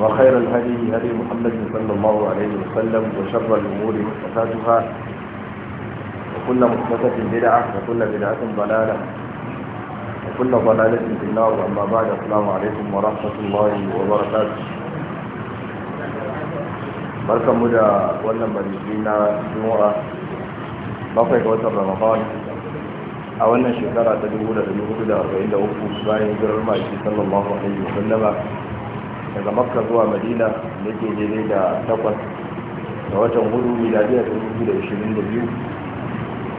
وخير الهدي هدي محمد صلى الله عليه وسلم وشر الأمور محدثاتها وكل محدثة بدعة وكل بدعة ضلالة وكل ضلالة في النار أما بعد السلام عليكم ورحمة الله وبركاته barkan mu da wannan bariki na jumura bakwai ga watan ramadan a wannan shekara ta 1443 bayan jirar maki sallallahu alaihi wasallama daga makka zuwa madina da ke daidai da takwas da watan hudu miladiyar biyu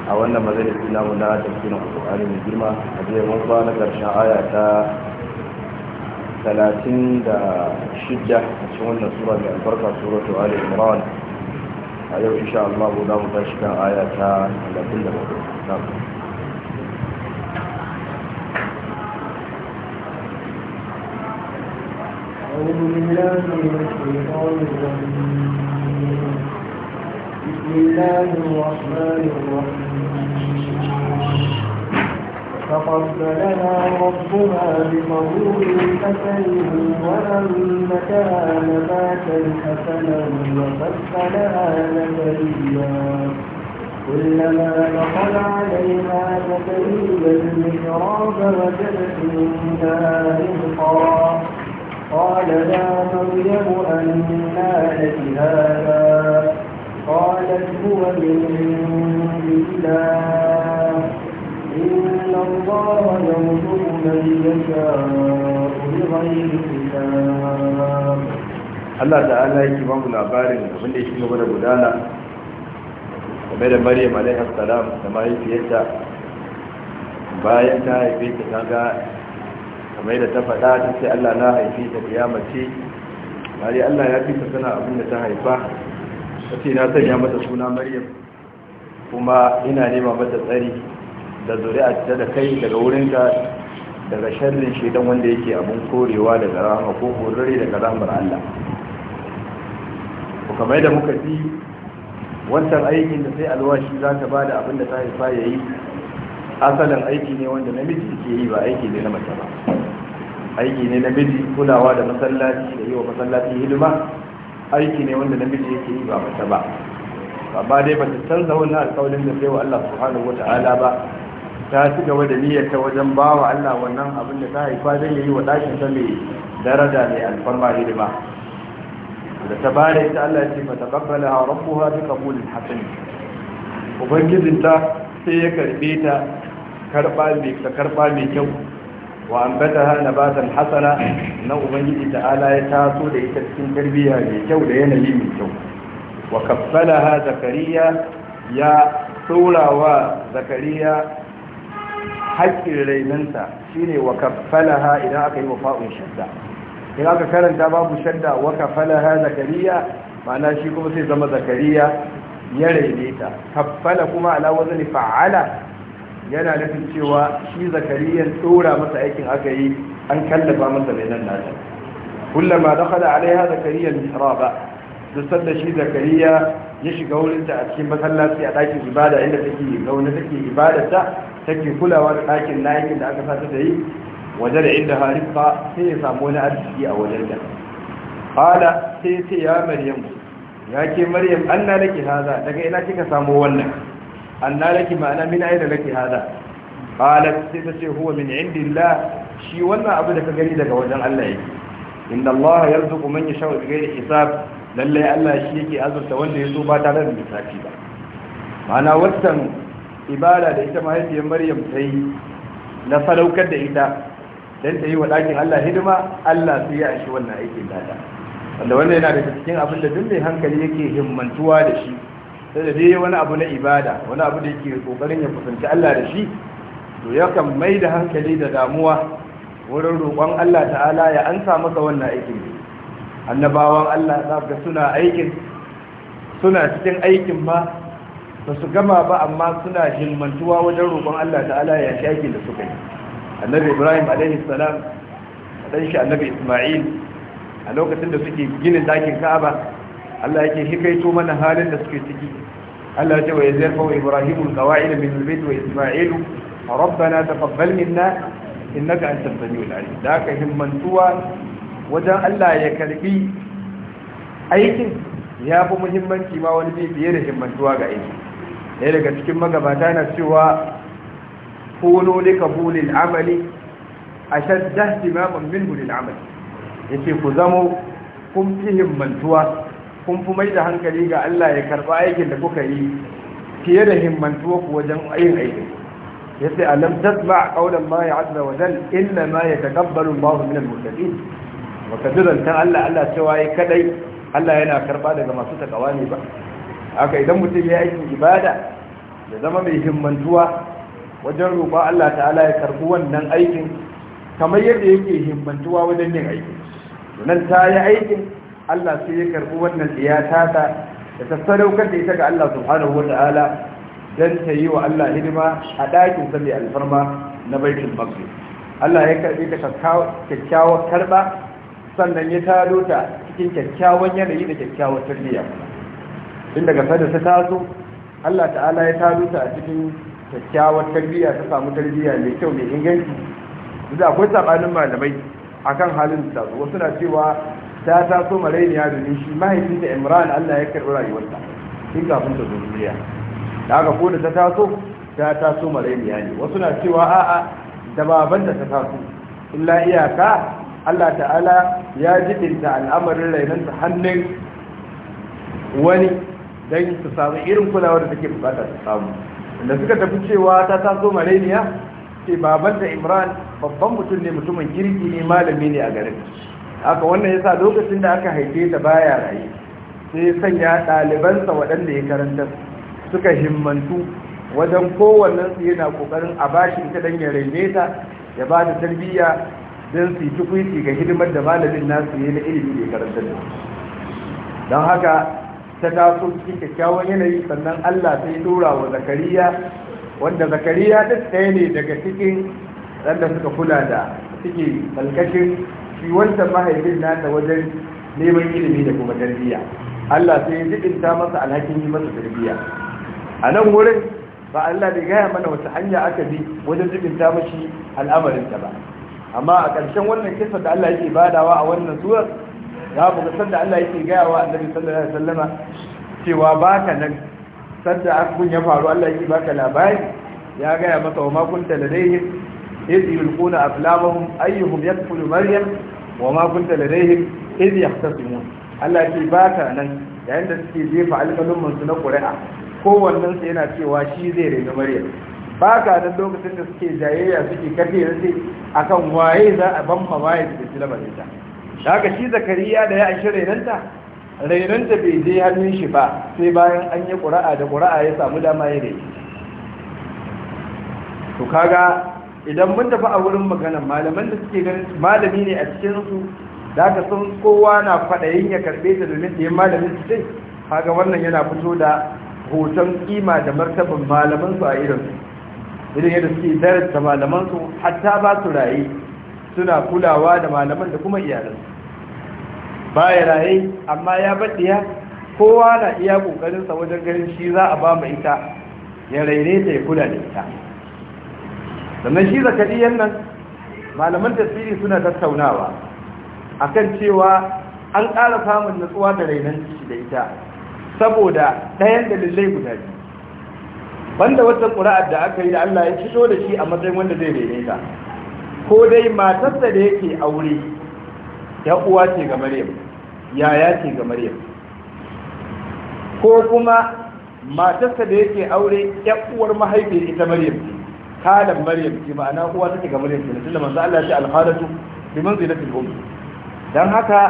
a wannan majalisi namu na tafsirin alƙur'ani mai girma a jiya mun na ƙarshen aya ta 36 a cikin wannan sura mai albarka suratu ali imran a yau insha Allah za mu tashi kan aya ta 37 أعوذ بالله من الشيطان الرجيم بسم الله الرحمن الرحيم تقبلنا ربنا بقبول حسن ولمتها نباتا حسنا وفصلها نبيا كلما دخل عليها زكريا المحراب وجدت منها رزقا قال لا مريم أن لك هذا قالت هو من عند الله إن الله يرزق من يشاء بغير حساب Allah ta'ala yake ba mu labarin abin da yake gaba da gudana game da Maryam alaihi salam da mahaifiyarta bayan ta haife ta ga kamar yadda ta faɗa ta ce Allah na haifi ta kiyamace bari Allah ya fi ta sana abin da ta haifa ta ce na sanya mata suna Maryam kuma ina nema mata tsari da zuri'a ta da kai daga ka daga sharrin shaidan wanda yake abin korewa daga rama ko horarri daga ramar Allah ko kamar da muka fi wancan aikin da sai alwashi za ta ba da abin da ta haifa ya yi asalin aiki ne wanda namiji ke yi ba aiki ne na mace ba aiki ne na miji kulawa da masallaci da yi wa masallaci hidima aiki ne wanda namiji yake yi ba mace ba amma dai ba ta canza wannan alƙawarin da sai wa Allah subhanahu Ta'ala ba ta ci gaba da niyyar ta wajen ba wa Allah wannan abin da ta haifa zai yi wa ɗakin ta mai daraja mai alfarma hidima da ta bada ita Allah ya ce fa taqabbala rabbuha bi qabulin hasan ubangijinta sai ya karbe ta karɓa karba mai kyau wa ambataha nabatan hasana na ubangiji ta'ala ya taso da ita cikin tarbiyya mai kyau da yanayi mai kyau wa kaffalaha zakariya ya wa zakariya haƙƙin rainanta shine wa kaffalaha idan aka yi wafa'un shadda idan aka karanta babu shadda wa kaffalaha zakariya ma'ana shi kuma sai zama zakariya ya raine ta kaffala kuma ala wazni fa'ala yana nufin cewa shi zakariyan tsora masa aikin aka yi an kallafa masa mai nan nata kullama dakhala alaiha zakariya ba duk da shi zakariya ya shiga wurin ta a cikin masallaci a ɗakin ibada inda take zaune take ibadarta take kulawa da ɗakin layin da aka sa ta yi waje da inda harifa sai ya samu wani arziki a wajen da qala sai sai ya maryam ya ke maryam anna laki haza daga ina kika samu wannan anna laki ma'ana min aina laki hada qalat sai ta ce huwa min indillah shi wannan abu da ka gani daga wajen Allah yake inna Allah yarzuqu man yasha bi ghairi hisab lalle Allah shi yake azurta wanda yaso ba tare da lissafi ba ma'ana wannan ibada da ita mahaifiyar Maryam ta yi na sadaukar da ita dan ta yi wa ɗakin Allah hidima Allah sai ya ashi wannan aikin dada wanda wannan yana daga cikin abin da duk mai hankali yake himmantuwa da shi da dai wani abu na ibada wani abu da yake kokarin ya kusanci Allah da shi to yakan mai da hankali da damuwa wurin roƙon Allah ta'ala ya ansa masa wannan aikin annabawan Allah za ka suna aikin suna cikin aikin ma ba su gama ba amma suna himmantuwa wajen roƙon Allah ta'ala ya shi aikin da suka yi annabi Ibrahim alaihi salam dan shi annabi Isma'il a lokacin da suke ginin dakin Ka'aba Allah yake hikaito mana halin da suke ciki Allah ce wa yazfa wa ibrahimu alqawaid min albayt wa isma'ilu rabbana taqabbal minna innaka antas samiul alim da ka himmantuwa wajen Allah ya karbi aikin ya fi muhimmanci ma wani bai fiye da himmantuwa ga aiki ɗaya daga cikin magabata na cewa kuno ne kabulin amali a shadda min hulil amali ya ce ku zamo kun fi himmantuwa kun fi mai da hankali ga Allah ya karɓi aikin da kuka yi fiye da himmantuwa ku wajen yin aikin ya ce alam tasma qaulan ma ya azza wa jal inna ma yataqabbalu Allahu min al-muttaqin wa kadiran ta Allah Allah cewa yi kadai Allah yana karba daga masu takawa ne ba haka idan mutum ya aikin ibada ya zama mai himmantuwa wajen roƙon Allah ta'ala ya karbi wannan aikin kamar yadda yake himmantuwa wajen yin aikin nan ta yi aikin Allah sai ya karbi wannan ya tata da ta sadaukar da ita ga Allah subhanahu wataala don ta yi wa Allah hidima a ɗakin sa alfarma na baitul maqdis Allah ya karbi ta kyakkyawar karba sannan ya tado ta cikin kyakkyawan yanayi da kyakkyawar tarbiyya tun daga sada ta taso Allah ta'ala ya tado ta a cikin kyakkyawar tarbiyya ta samu tarbiyya mai kyau mai inganci da akwai tsabanin malamai akan halin da wasu na cewa ta taso marainiya domin shi mahaifinta imran allah ya karɓi rayuwarta tun kafin ta zo duniya da aka ko da ta taso ta taso marainiya ne wasu na cewa a'a da baban da ta taso illa iyaka allah ta'ala ya jibinta al'amarin rainanta hannun wani don su samu irin kulawar da take bukata su samu da suka tafi cewa ta taso marainiya ce baban da imran babban mutum ne mutumin girki ne malami ne a garin haka wannan yasa lokacin da aka haife ta baya raye sai sanya ɗalibansa waɗanda ya karanta suka himmantu wajen kowannen su yana kokarin a bashi ta dan ya raine ta ya ba ta tarbiyya don su tukuiti ga hidimar da malamin nasu yana na ilimi da karanta da don haka ta taso cikin kyakkyawan yanayi sannan Allah sai ya dora wa zakariya wanda zakariya duk ɗaya ne daga cikin ɗanda suka kula da suke kalkashin shi wancan mahaifin nata wajen neman ilimi da kuma tarbiyya Allah sai ya jibinta masa alhakin yi masa tarbiyya a nan wurin ba Allah bai gaya mana wata hanya aka bi wajen jibinta mashi al'amarinta ba amma a ƙarshen wannan kisa da Allah yake badawa a wannan surar za mu ga sanda Allah yake gaya wa annabi sallallahu alaihi wasallama cewa baka nan sanda abun ya faru Allah yake baka labari ya gaya masa wa ma kunta ladaihim إذ يلقون أفلامهم أيهم يدخل مريم وما كنت لديهم إذ يختصمون Allah ke ce ba ta nan yayin da suke jefa alƙalumman su na ƙuri'a kowannen yana cewa shi zai rena Maryam ba ka nan lokacin da suke jayayya suke kafe da sai akan waye za a bamma waye da cikin ta da haka shi zakariya da ya anshi renanta renanta bai je hannun shi ba sai bayan an yi ƙuri'a da ƙuri'a ya samu dama ya rena to kaga idan mun tafi a wurin maganan malaman da suke ganin malami ne a cikinsu da aka sun kowa na yin ya karɓe ta domin ɗayan malamin su sai wannan yana fito da hoton kima da martaban malamansu a irin irin yadda suke darasta malamansu hatta ba su raye suna kulawa da malaman da kuma iyalansu ba ya raye amma ya baɗiya kowa na iya ƙoƙarinsa wajen ganin shi za a ba mu ita ya raine ta ya kula da ita sannan shi zakariyan nan malaman tasiri suna tattaunawa akan cewa an ƙara samun nutsuwa da rainan ciki da ita saboda ɗayan dalilai guda ne banda wata ƙura'ar da aka yi da Allah ya fito da shi a matsayin wanda zai rene ta ko dai matarsa da yake aure ya uwa ce ga Maryam yaya ce ga Maryam ko kuma matarsa da yake aure ya uwar mahaifiyar ita Maryam ce halan maryam ce ma'ana uwa take ga maryam kenan tunda manzo Allah ya ce al-halatu bi manzilati al-umm dan haka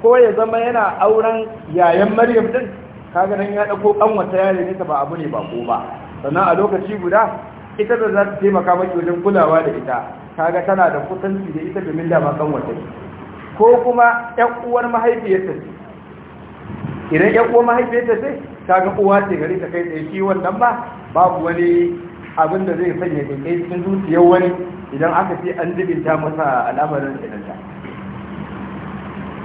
ko ya zama yana auren yayan maryam din kaga nan ya dauko wata yare ne ta ba abu ne ba ko ba sannan a lokaci guda ita da za ta taimaka maki wajen kulawa da ita kaga tana da kusanci da ita domin da ba wata ko kuma ƴan uwar mahaifiyarta idan ƴan uwar mahaifiyarta ce kaga uwa ce gari ta kai tsaye shi wannan ba babu wani Abinda zai sanya kai cikin zuciyar wani idan aka ce an jibinta masa al'amarin tsananta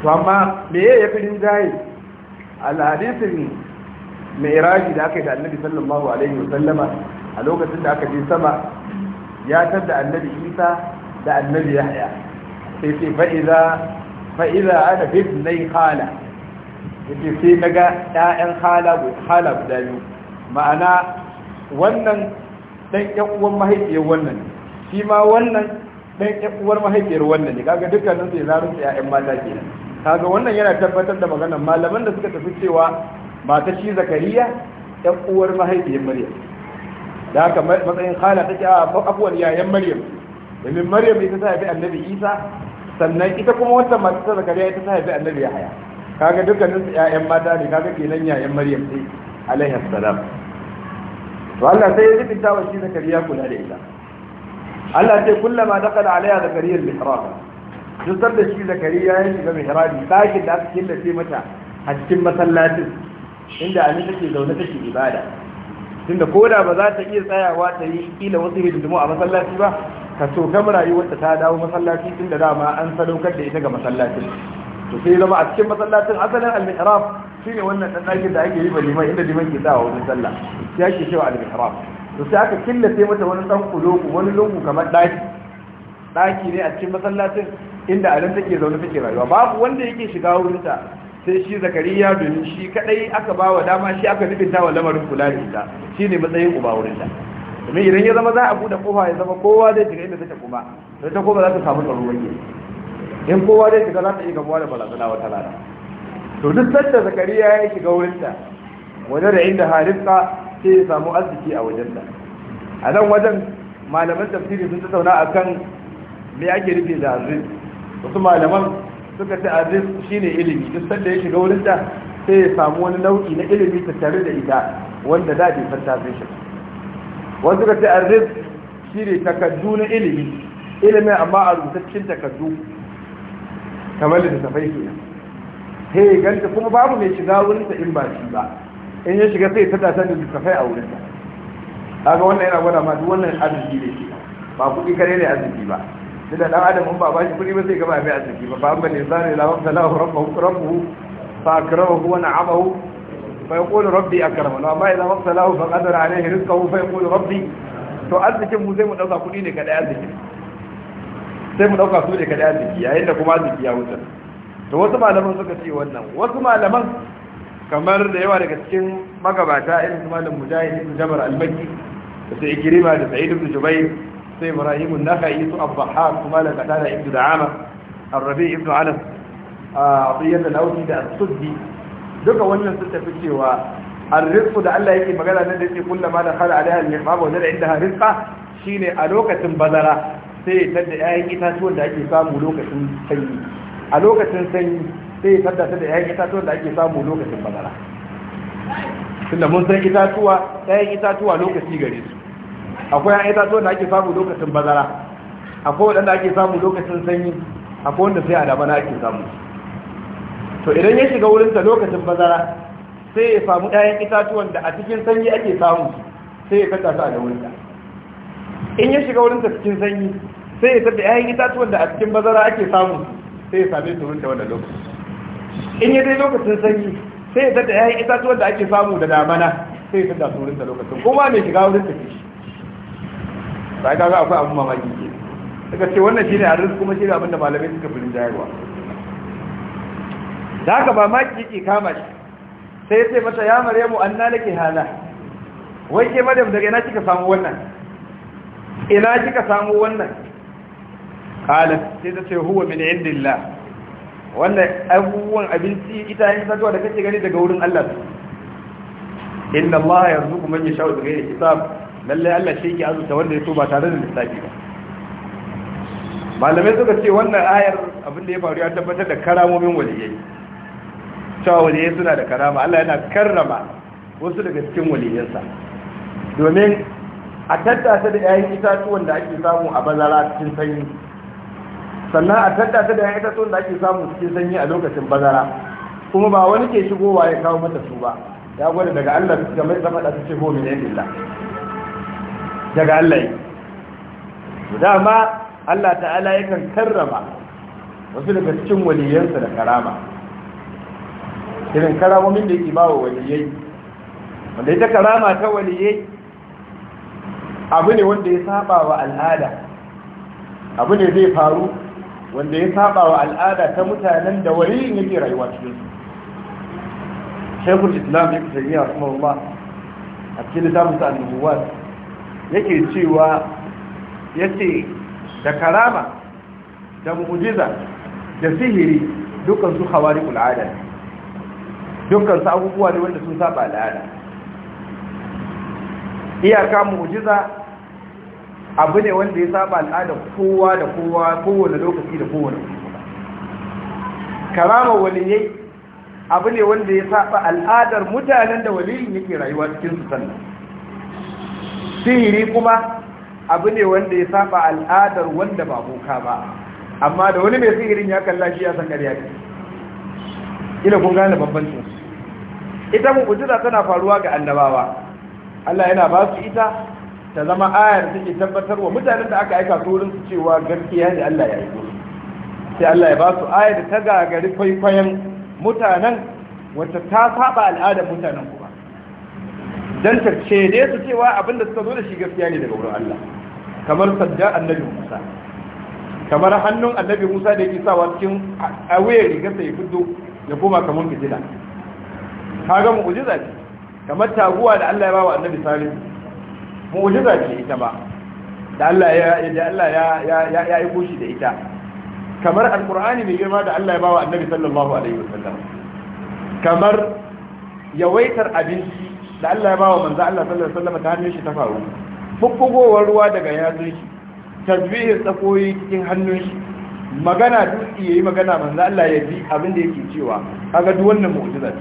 to amma me ya fi rinjaye alhadisin mai iraji da aka yi da annabi sallallahu alaihi wa sallama a lokacin da aka je sama ya tar da annabi isa da annabi yahya sai ce fa'iza fa'iza ana fitnai hala yake sai na ga ɗayan hala guda biyu ma'ana wannan dan uwan mahaifiyar wannan ne shi ma wannan dan uwar mahaifiyar wannan ne kaga dukkanin su yanzu su ƴaƴan mata kenan kaga wannan yana tabbatar da maganar malaman da suka tafi cewa mata shi zakariya ƴan uwar mahaifiyar maryam da haka matsayin khala take a afuwar yayan maryam domin maryam ita ta haifi annabi isa sannan ita kuma wata mata ta zakariya ita ta haifi annabi yahaya kaga dukkanin su ƴaƴan mata ne kaga kenan yayan maryam sai alaihi assalam to Allah sai ya zubinta wa shi zakariya kula da ita Allah sai kullama dakala alaiha zakariya al-mihrab duk da shi zakariya ya shiga mihrabi dakin da aka killace mata a cikin masallacin inda ani take zaune take ibada tunda koda ba za ta iya tsayawa ta yi kila wasu hidindimu a masallaci ba ka so gama rayuwarta ta dawo masallaci tunda dama an sadaukar da ita ga masallacin to sai zama a cikin masallacin asalin al-mihrab shine wannan dan ɗakin da ake yi ba liman inda liman ke tsawa wajen sallah sai ake cewa al ihram to sai aka killace mata wani dan kuloku wani lungu kamar ɗaki ɗaki ne a cikin masallacin inda a take zaune take rayuwa babu wanda yake shiga wurinta sai shi zakariya domin shi kadai aka ba wa dama shi aka nufin wa lamarin kula da ita shi ne matsayin uba wurinta domin idan ya zama za a buɗe kofa ya zama kowa zai shiga inda take kuma da ta kofa za ta samu tsaro wani in kowa zai shiga za ta iya gabuwa da balazana wata rana to duk sanda zakariya ya shiga wurinta waje da inda harifka sai ya samu arziki a wajenta a nan wajen malaman tafsiri sun tattauna a kan me ake rufe da arziki wasu malaman suka ce arziki shine ilimi duk sanda ya shiga wurinta sai ya samu wani nau'i na ilimi tattare da ita wanda da bai fanta zai shi wasu suka ce arziki shine takaddu na ilimi ilimin amma a rubutaccen takaddu kamar littattafai kenan sai ya ganta kuma babu mai shiga wurinsa in ba shi ba in ya shiga sai ta sanin da kafai a wurinsa kaga wannan yana gwada ma duk wannan arziki ne shi ba kuɗi kare ne arziki ba sai da dan adam in ba ba shi kuɗi ba sai gaba mai arziki ba ba amma ne zane la wafta lahu rabbuhu rabbuhu fa akramahu wa na'amahu fa yaqulu rabbi akramani amma idan wafta lahu fa qadara alayhi rizqahu fa yaqulu rabbi to arzikin mu sai mu dauka kuɗi ne da arziki sai mu dauka su ne da arziki yayin da kuma arziki ya wuce da wasu malaman suka ce wannan wasu malaman kamar da yawa daga cikin magabata irin su malam mujahid ibn jabar al-makki da sai ikrima da sa'id ibn jubayr sai ibrahim an-nakhai su abbaha su malam qatada ibn da'ama ar-rabi ibn anas atiyat al-awsi da as-suddi duka wannan sun tafi cewa arrizqu da Allah yake magana nan da yake kullama da khala alaiha al-mihmam wa zara indaha rizqa shine a lokacin bazara sai ta da 'ya'yan itatuwan da ake samu lokacin sanyi a lokacin sanyi sai ya tattata da 'ya'yan itatuwan da ake samu lokacin bazara tunda mun san itatuwa 'ya'yan itatuwa lokaci gare su akwai 'ya'yan itatuwan da ake samu lokacin bazara akwai waɗanda ake samu lokacin sanyi akwai wanda sai a bana ake samu to idan ya shiga wurinta lokacin bazara sai ya samu 'ya'yan itatuwan da a cikin sanyi ake samu sai ya a da wurinta in ya shiga wurinta cikin sanyi sai ya tattata 'ya'yan itatuwan da a cikin bazara ake samu sai ya same su wanda wannan lokaci in ya dai lokacin sanyi sai ya yi yayin tuwa da ake samu da damana sai ya tada su wurin da lokacin kuma mai shiga wurin tafi sai kaga akwai abu mamaki ke daga ce wannan shi a rinsu kuma shi ne abinda malamai suka fi jayarwa da haka ba maki yake kama shi sai ya ce mata ya maryamu anna laki hala wai ke madam daga ina kika samu wannan ina kika samu wannan qalat sai ta ce huwa min indillah wannan abubuwan abinci ita yin satuwa da kake gani daga wurin Allah inna Allah yarzuqu man yasha'u bi ghairi hisab lalle Allah shi yake azuta wanda ya so ba tare da lissafi ba malamai suka ce wannan ayar abin da ya faru ya tabbatar da karamomin waliyai cewa waliyai suna da karama Allah yana karrama wasu daga cikin waliyansa domin a tattasa da yayin itatuwan da ake samu a bazara cikin sanyi sannan a ta da ita tun da ake samu cikin sanyi a lokacin bazara kuma ba wani ke shigowa ya kawo mata su ba ya gwada daga Allah game da faɗa su ce ko ne indillah daga Allah dama Allah ta'ala ya kan karrama wasu daga cikin waliyansa da karama irin karamomin da yake bawa waliyai wanda ita karama ta waliyai abu ne wanda ya saba wa al'ada abu ne zai faru wanda ya saba wa al'ada ta mutanen da waliyin yake rayuwa cikin su shekul islam ya kusa yi a kuma ruwa a cikin littafin sa annubuwa yake cewa ce da karama da mu'ujiza, da sihiri dukkan su hawari al'ada dukkan su abubuwa ne wanda sun saba al'ada iyaka mu'ujiza. abu ne wanda ya saba al'adar kowa da kowa kowane lokaci da kowane karama waliyai abu ne wanda ya saba al'adar mutanen da waliyin yake rayuwa cikin su sannan sihiri kuma abu ne wanda ya saba al'adar wanda ba boka ba amma da wani mai sihirin ya kalla shi ya san ƙarya ne ila kun gane bambancin ita kujira tana faruwa ga annabawa Allah yana ba su ita ta zama ayar take tabbatar wa mutanen da aka aika turin su cewa gaskiya ne Allah ya aiko sai Allah ya ba su ayar ta gagari kwaikwayon mutanen wacce ta saba al'adar mutanen kuma dan ta cede su cewa abinda suka zo da shi gaskiya ne daga wurin Allah kamar sadda annabi Musa kamar hannun annabi Musa da yake sawa cikin awayar rigarsa ya fito ya koma kamar fitila kaga mu'jiza ce kamar taguwa da Allah ya ba wa annabi Salisu mu'jiza ce ita ba. da Allah ya da Allah ya ya ya aiko da ita kamar alqur'ani mai girma da Allah ya bawa annabi sallallahu alaihi wasallam kamar yawaitar abinci da Allah ya bawa manzo Allah sallallahu alaihi wasallam ta hannun shi ta faru fukkugowar ruwa daga yatsun shi tasbihin tsakoyi cikin hannun shi magana dutse yayi magana manzo Allah ya ji abin da yake cewa kaga duk wannan mu'jiza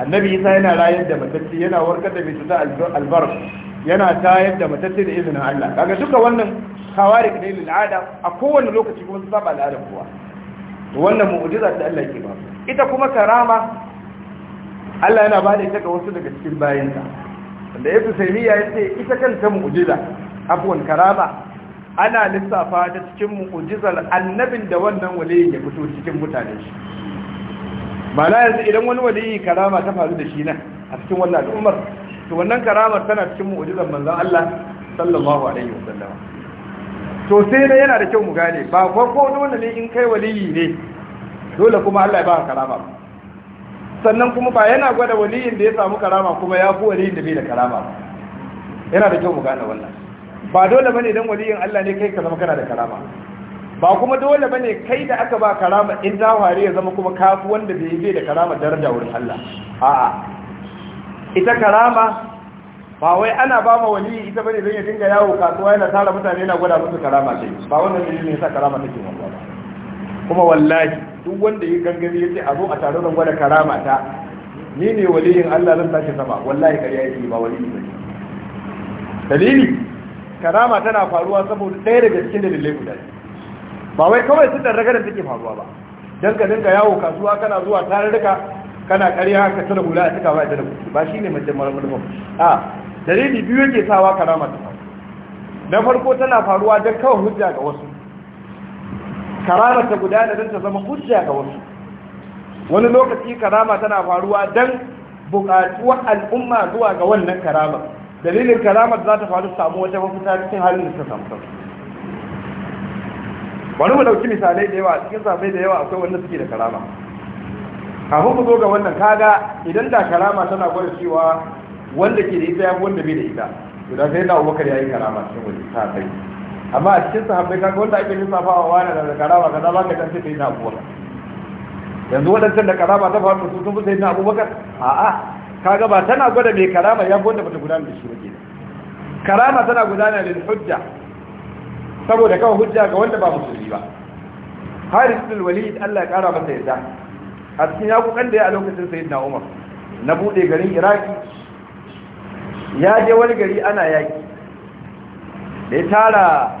annabi Isa yana rayar da matacce yana warkar da mai cuta albar yana tayar da matacce da izinin Allah daga duka wannan kawari da ilil ada a kowane lokaci kuma su saba al'adar kowa to wannan mu'ujiza da Allah ke ba ita kuma karama Allah yana ba da ita ga wasu daga cikin bayinsa wanda Ibn ya yace ita kanta mu'ujiza, afwan karama ana lissafa ta cikin mu'ujizar annabin da wannan wali ya fito cikin mutane shi ba yanzu idan wani wali karama ta faru da shi nan a cikin wannan al'ummar to wannan karamar tana cikin mu'jizar manzon Allah sallallahu alaihi wasallam to sai dai yana da kyau mu gane ba ko ko ne in kai waliyi ne dole kuma Allah ya ba karama sannan kuma ba yana gwada waliyin da ya samu karama kuma ya fi waliyin da bai da karama yana da kyau mu gane wannan ba dole bane dan waliyin Allah ne kai ka zama kana da karama ba kuma dole bane kai da aka ba karama in ta ya zama kuma kafu wanda bai yi da karama daraja wurin Allah a'a ita karama ba wai ana ba ma wani ita bane don ya dinga yawo kasuwa yana tara mutane yana gwada musu karama ce ba wannan ne ne yasa karama take wannan ba kuma wallahi duk wanda ya gangare yace a zo a taro don gwada karama ta ni ne waliyin Allah zan tashi sama wallahi kariya yake ba wani ne dalili karama tana faruwa saboda ɗaya daga cikin dalilai guda ba wai kawai sun ragar da take faruwa ba dan ka dinga yawo kasuwa kana zuwa tarurruka kana ƙarya ka tura hula a cika ba da ba shi ne mace mara mulmul a dalili biyu yake sawa karama ta faru na farko tana faruwa don kawai hujja ga wasu karama ta guda da don ta zama hujja ga wasu wani lokaci karama tana faruwa don buƙatuwar al'umma zuwa ga wannan karama dalilin karamar za ta faru samu wata mafita cikin halin da ta samu bari mu ɗauki misalai da yawa cikin safai da yawa akwai wanda suke da karama kafin mu zo ga wannan kaga idan da karama tana gwada cewa wanda ke da ita ya wanda bai da ita guda da sai na abubakar ya yi karama cikin wani sahabbai amma a cikin sahabbai kaga wanda ake lissafa wa wani da karama kaza ba ka dan sai na abubakar yanzu waɗancan da karama ta faru su sun fi sai na abubakar a'a kaga ba tana gwada mai karama ya wanda bata gudana da shi ba ke karama tana gudana da hujja saboda kawai hujja ga wanda ba musulmi ba haris bin walid Allah ya kara masa yadda a cikin kukan da ya a lokacin sayid na umar na buɗe garin iraki ya je wani gari ana yaki da ya tara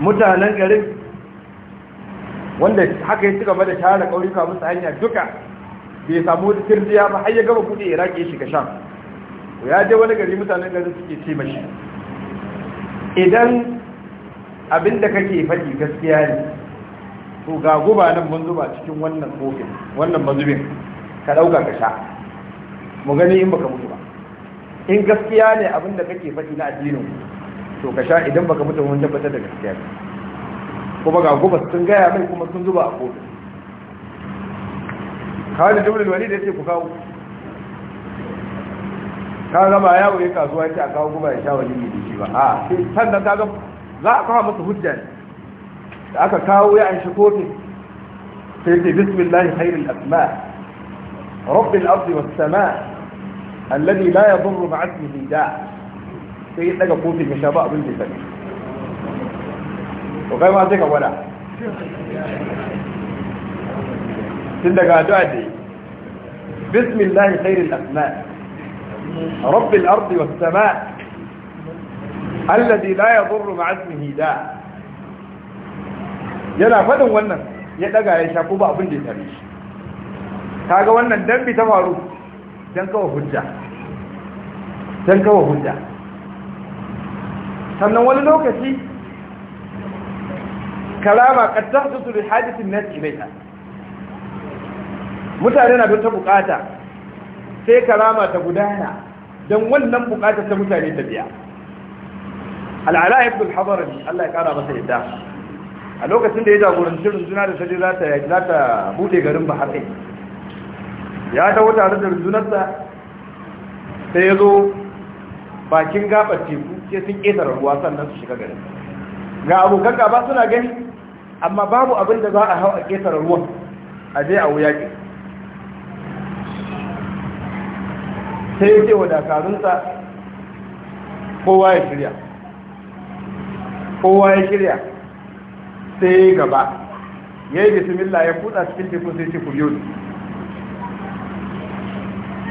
mutanen garin wanda haka ya cika da tara ƙauyuka musu hanya duka bai samu wata tirjiya ba har ya gaba buɗe iraki ya shiga sham ya je wani gari mutanen garin suke ce mashi idan abinda kake faɗi gaskiya ne to ga guba nan mun zuba cikin wannan kofin wannan mazubin ka dauka ka sha mu gani in baka mutu ba in gaskiya ne abin da kake faɗi na addinin to ka sha idan baka mutu mun tabbatar da gaskiya ne kuma ga guba sun gaya mai kuma sun zuba a kofin kawai da jimlin wani da ya ce ku kawo ka gama yawo ya kasuwa ya ce a kawo guba ya sha wani ne da shi ba a sannan ka gama za a kawo masa hujja ne da aka kawo ya an shi kofi sai ce bismillahi khairul asma rabbil ardi was sama alladhi la yadurru ma'a ismihi da sai ya daga kofin ya sha ba abin da sani to kai ma sai ka gwada tun daga addu'a da bismillahi khairul asma rabbil ardi was sama الذي لا يضر مع اسمه داء yana faɗin wannan ya ɗaga ya sha ko ba abin da ya tare shi kaga wannan dambi ta faru don kawo hujja don kawo hujja sannan wani lokaci kalama ƙasar su su da hadisin nan ta. mutane na don ta bukata sai kalama ta gudana don wannan bukatar ta mutane ta biya al'ala ibn al ne Allah ya kara masa yadda a lokacin da ya jagoranci runduna da sadi za ta bude garin ba haɗe ya dawo tare da rundunarsa sai ya zo bakin gabar teku sai sun ƙetare ruwa sannan su shiga garin ga abokan gaba suna gani amma babu abin da za a hau a ƙetare ruwan a je a wuya ke sai ya ce wa dakarunsa kowa ya shirya kowa ya shirya sai gaba ya yi bismillah ya kuɗa cikin teku sai ce ku biyo ni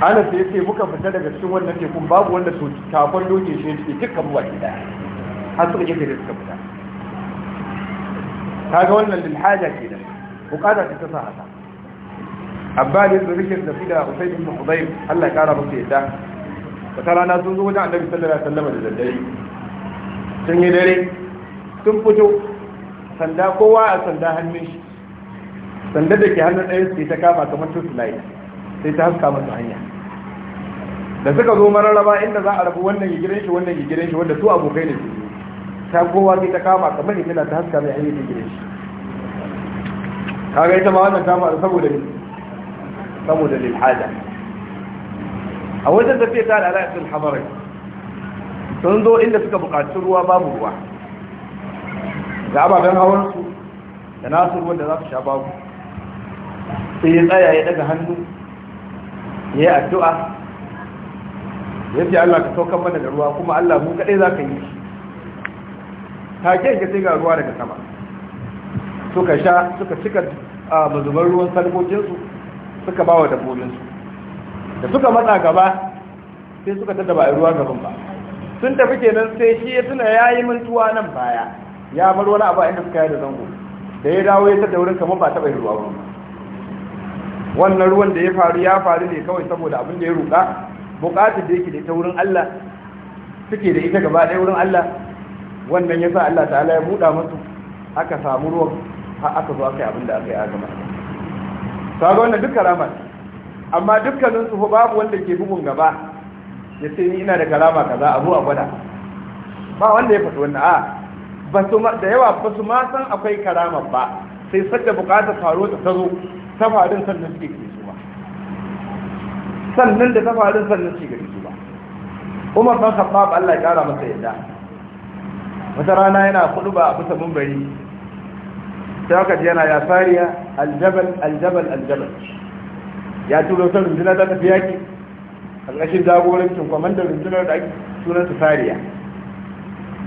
ana sai ce muka fita daga cikin wannan tekun babu wanda su takon doke shi ne dukkan ruwa ke da har suka yi da suka fita Ta ga wannan lilhaja ke da bukata ta sa haka abba ne su rikin da fida a ibn hudayr Allah ya kara musu yadda wata rana sun zo wajen annabi sallallahu alaihi wasallam da daddare sun yi dare sun fito sanda kowa a sanda hannun shi sanda da ke hannun ɗayan sai ta kama kamar tutu layi sai ta haska masa hanya da suka zo mararraba inda za a rabu wannan gidan shi wannan gidan shi wanda su abokai ne su ta kowa sai ta kama kamar ita na ta haska mai hanyar ta gidan shi kaga ita ma wannan ta faru saboda saboda lil'ada a wajen tafiya ta da ala'atul hamarai sun zo inda suka buƙaci ruwa babu ruwa ga ababen hawansu da nasu ruwan da za su sha babu sai ya tsaya ya daga hannu ya yi addu'a ya ce Allah ka saukan mana da ruwa kuma Allah mu kaɗai za ka yi shi ke ka sai ga ruwa daga sama suka sha suka cika mazubar ruwan salgoginsu suka ba wa dabbobinsu da suka matsa gaba sai suka tada ba a ruwa gaban ba sun tafi kenan sai shi ya tuna ya yi mintuwa nan baya ya bar wani abu inda suka yi da zango da ya dawo ya ta daurin kamar ba taɓa yin ruwa ba wannan ruwan da ya faru ya faru ne kawai saboda abin da ya ruka buƙatar da yake da ita wurin Allah suke da ita gaba ɗaya wurin Allah wannan ya sa Allah ta'ala ya buɗa musu aka samu ruwan har aka zo aka yi abin da aka yi a gama ga wannan duk karama amma dukkanin su babu wanda ke bugun gaba ya ce ni ina da karama kaza abu a gwada ba wanda ya faɗi wannan a da yawa ba su ma san akwai karamar ba sai sadda bukatar faro ta tazo ta sannan suke ke su ba sannan da ta sannan suke ke su ba umar ban ba Allah ya ƙara masa yadda wata rana yana kudu ba a bisa mumbari ta aka ji yana ya fariya aljabal aljabal aljabal ya turo ta rundunar ta tafi yaki a ƙarshen jagorancin kwamandan rundunar da ake su fariya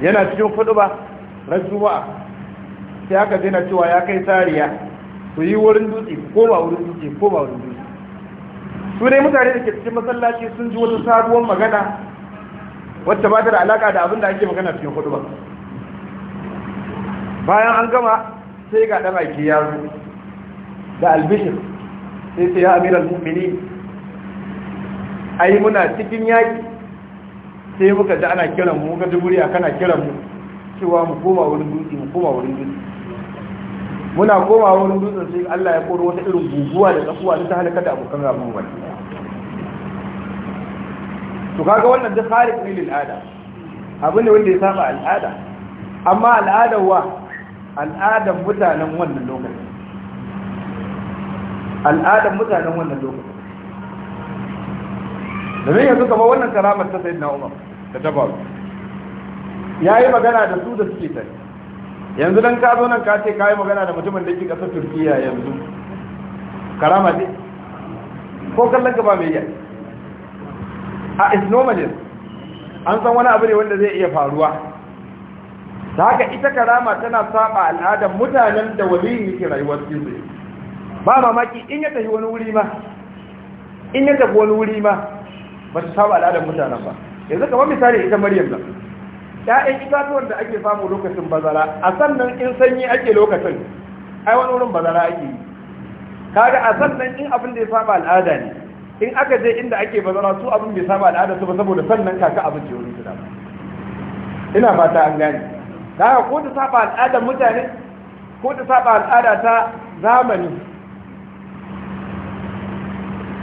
yana cikin kudu ba Rasuwa juma'a sai aka jina cewa ya kai tsariya, ku yi wurin dutse ko ba wurin dutse ko ba wurin dutse su ne mutane da ke cikin masallaci sun ji wata sabuwar magana wacce ba ta da alaka da abin da ake magana cikin hudu ba bayan an gama sai ga dan ake yaro da albishir sai sai ya amiral mu'mini ai muna cikin yaki sai muka ji ana kiran mu muka ji a kana kiran mu cewa mu koma wurin dutse mu koma wurin dutse muna koma wurin dutsen sai Allah ya koro wata irin guguwa da tsakuwa ta halaka da abokan gaban wani to kaga wannan duk harif ne lil ada abu ne wanda ya saba al'ada amma al'ada wa al'adan mutanen wannan lokacin al'adar mutanen wannan lokacin domin yanzu kamar wannan karamar ta sayyidina Umar da ta faru ya yi magana da su da suke tare yanzu dan ka zo nan ka ce ka yi magana da mutumin da ke ƙasar turkiya yanzu karama ce ko kallon ka ba mai yi a ah, isnomalin an san wani abu ne wanda zai iya faruwa ta haka ita karama tana saba al'adar mutanen da waliyin yake rayuwar cikin su ba mamaki in ya tafi wani wuri ma in ya tafi wani wuri ma ba su saba al'adar mutanen ba yanzu kamar misali ita maryam nan ya'yan itatuwan da ake samu lokacin bazara a sannan in sanyi ake lokacin ai wani wurin bazara ake yi kaga a sannan in abin da ya saba al'ada ne in aka je inda ake bazara su abin bai saba al'ada su ba saboda sannan kaka abin ce wurin su da ina fata an gane kaga ko ta saba al'ada mutane ko ta saba al'ada ta zamani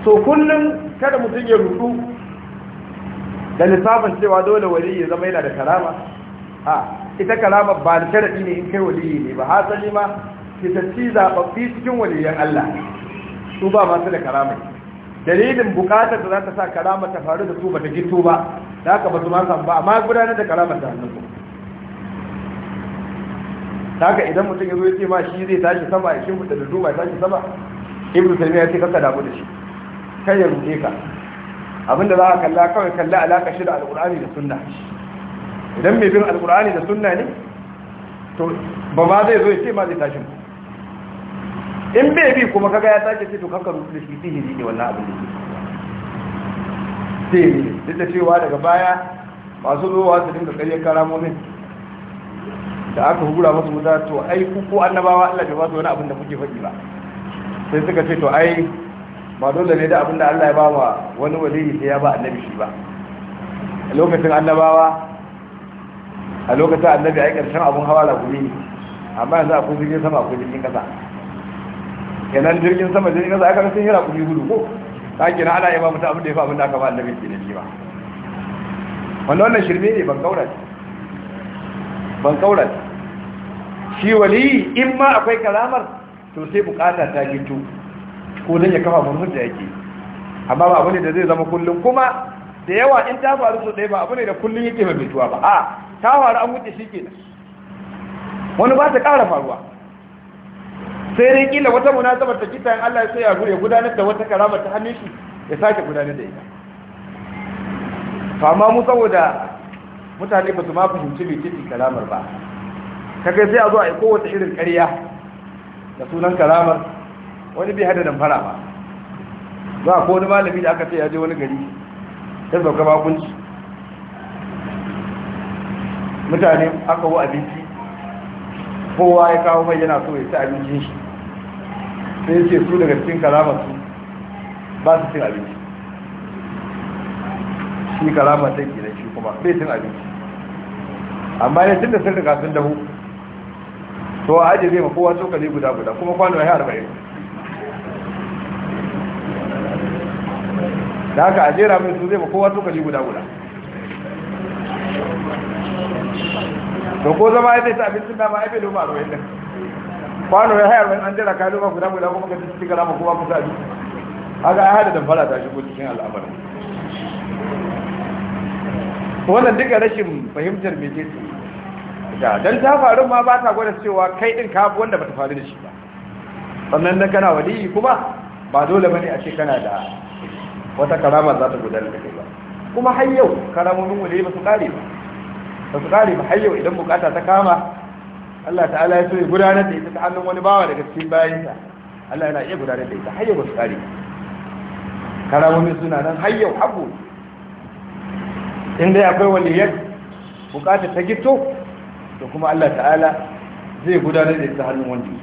so kullum kada mutum ya rudu da lissafin cewa dole wali ya zama yana da karama a ita karama ba da sharaɗi ne in kai wali ne ba hasali ma fitacci zaɓaɓɓi cikin waliyan Allah su ba masu da karama dalilin bukatar da za ta sa karama ta faru da su ba ta gito ba da aka ba su ma ba amma gudanar da karamar ta hannun su ka idan mutum ya zo ya ce ma shi zai tashi sama ya mutum da duba ya tashi sama ibn taymiya ya ce kanka damu da shi kai ya rufe ka abinda za a kalla kawai kalla alaka shi da alkur'ani da sunna idan mai bin alkur'ani da sunna ne to ba ma zai zo ya ce ma zai tashin in bai bi kuma kaga ya sake ce to kanka rufu da shi sihiri ne wannan abin da ke sihiri ne duk da cewa daga baya masu zuwa su dinga karyar karamomin da aka hura masu wuta to ai ku ko annabawa Allah bai ba su wani abin da kuke faɗi ba sai suka ce to ai ba dole ne da abin da Allah ya ba wa wani waliyi sai ya ba annabi shi ba a lokacin annabawa a lokacin annabi ai karshen abun hawa la ne. amma yanzu a akwai jirgin sama akwai jirgin kasa kenan jirgin sama jirgin kasa aka rasin hira kuri gudu ko ta kenan ana yaba mutum abin da ya fi abin da aka ba annabi ke da shi ba wannan wannan shirme ne ban kaura ban kaura shi waliyi in ma akwai kalamar to sai bukata ta gito ko dan ya kafa mun da yake amma ba abu ne da zai zama kullum kuma da yawa in ta faru so ɗaya ba abu ne da kullum yake mai mutuwa ba a ta faru an wuce shi kenan wani ba ta ƙara faruwa sai dai kila wata munasabar ta kita in Allah ya so ya gudanar da wata karama ta hannun shi ya sake gudanar da ita amma mu saboda mutane ba su ma fahimci mai kalamar ba kai sai a zo a yi kowace irin ƙarya da sunan kalamar wani bi hada damfara ba ba ko wani malami da aka ce ya je wani gari ya sauka bakunci mutane aka wo abinci kowa ya kawo mai yana so ya ci abincin shi sai ce su daga cikin su ba su cin abinci shi kalamar ta ke da shi kuma bai cin abinci amma ya tun da sun riga sun dahu to a ajiye zai ma kowa tsokali guda guda kuma kwano ya yi arba'in da haka a jera mai su zai ba kowa tukali guda guda da ko zama ya ta abincin dama ya bai doma a ruwa nan kwano ya hayar wani an jera kayan doma guda guda kuma ka cikin rama kowa kusa a haka ya hada damfara ta shigo cikin al'amarin wannan duka rashin fahimtar mai su da don ta faru ma ba ta gwada cewa kai din ka wanda ba ta faru da shi ba sannan na kana wadi kuma ba dole bane a ce kana da wata karama za ta gudana da kai ba kuma har yau karamomin wali ba su kare ba ba su kare ba har yau idan bukata ta kama Allah ta'ala ya so ya gudanar da ita ta hannun wani bawa daga cikin bayansa Allah yana iya gudanar da ita har yau ba su kare karamomin suna nan har yau abu in dai akwai yadda bukata ta gito to kuma Allah ta'ala zai gudanar da ita hannun wani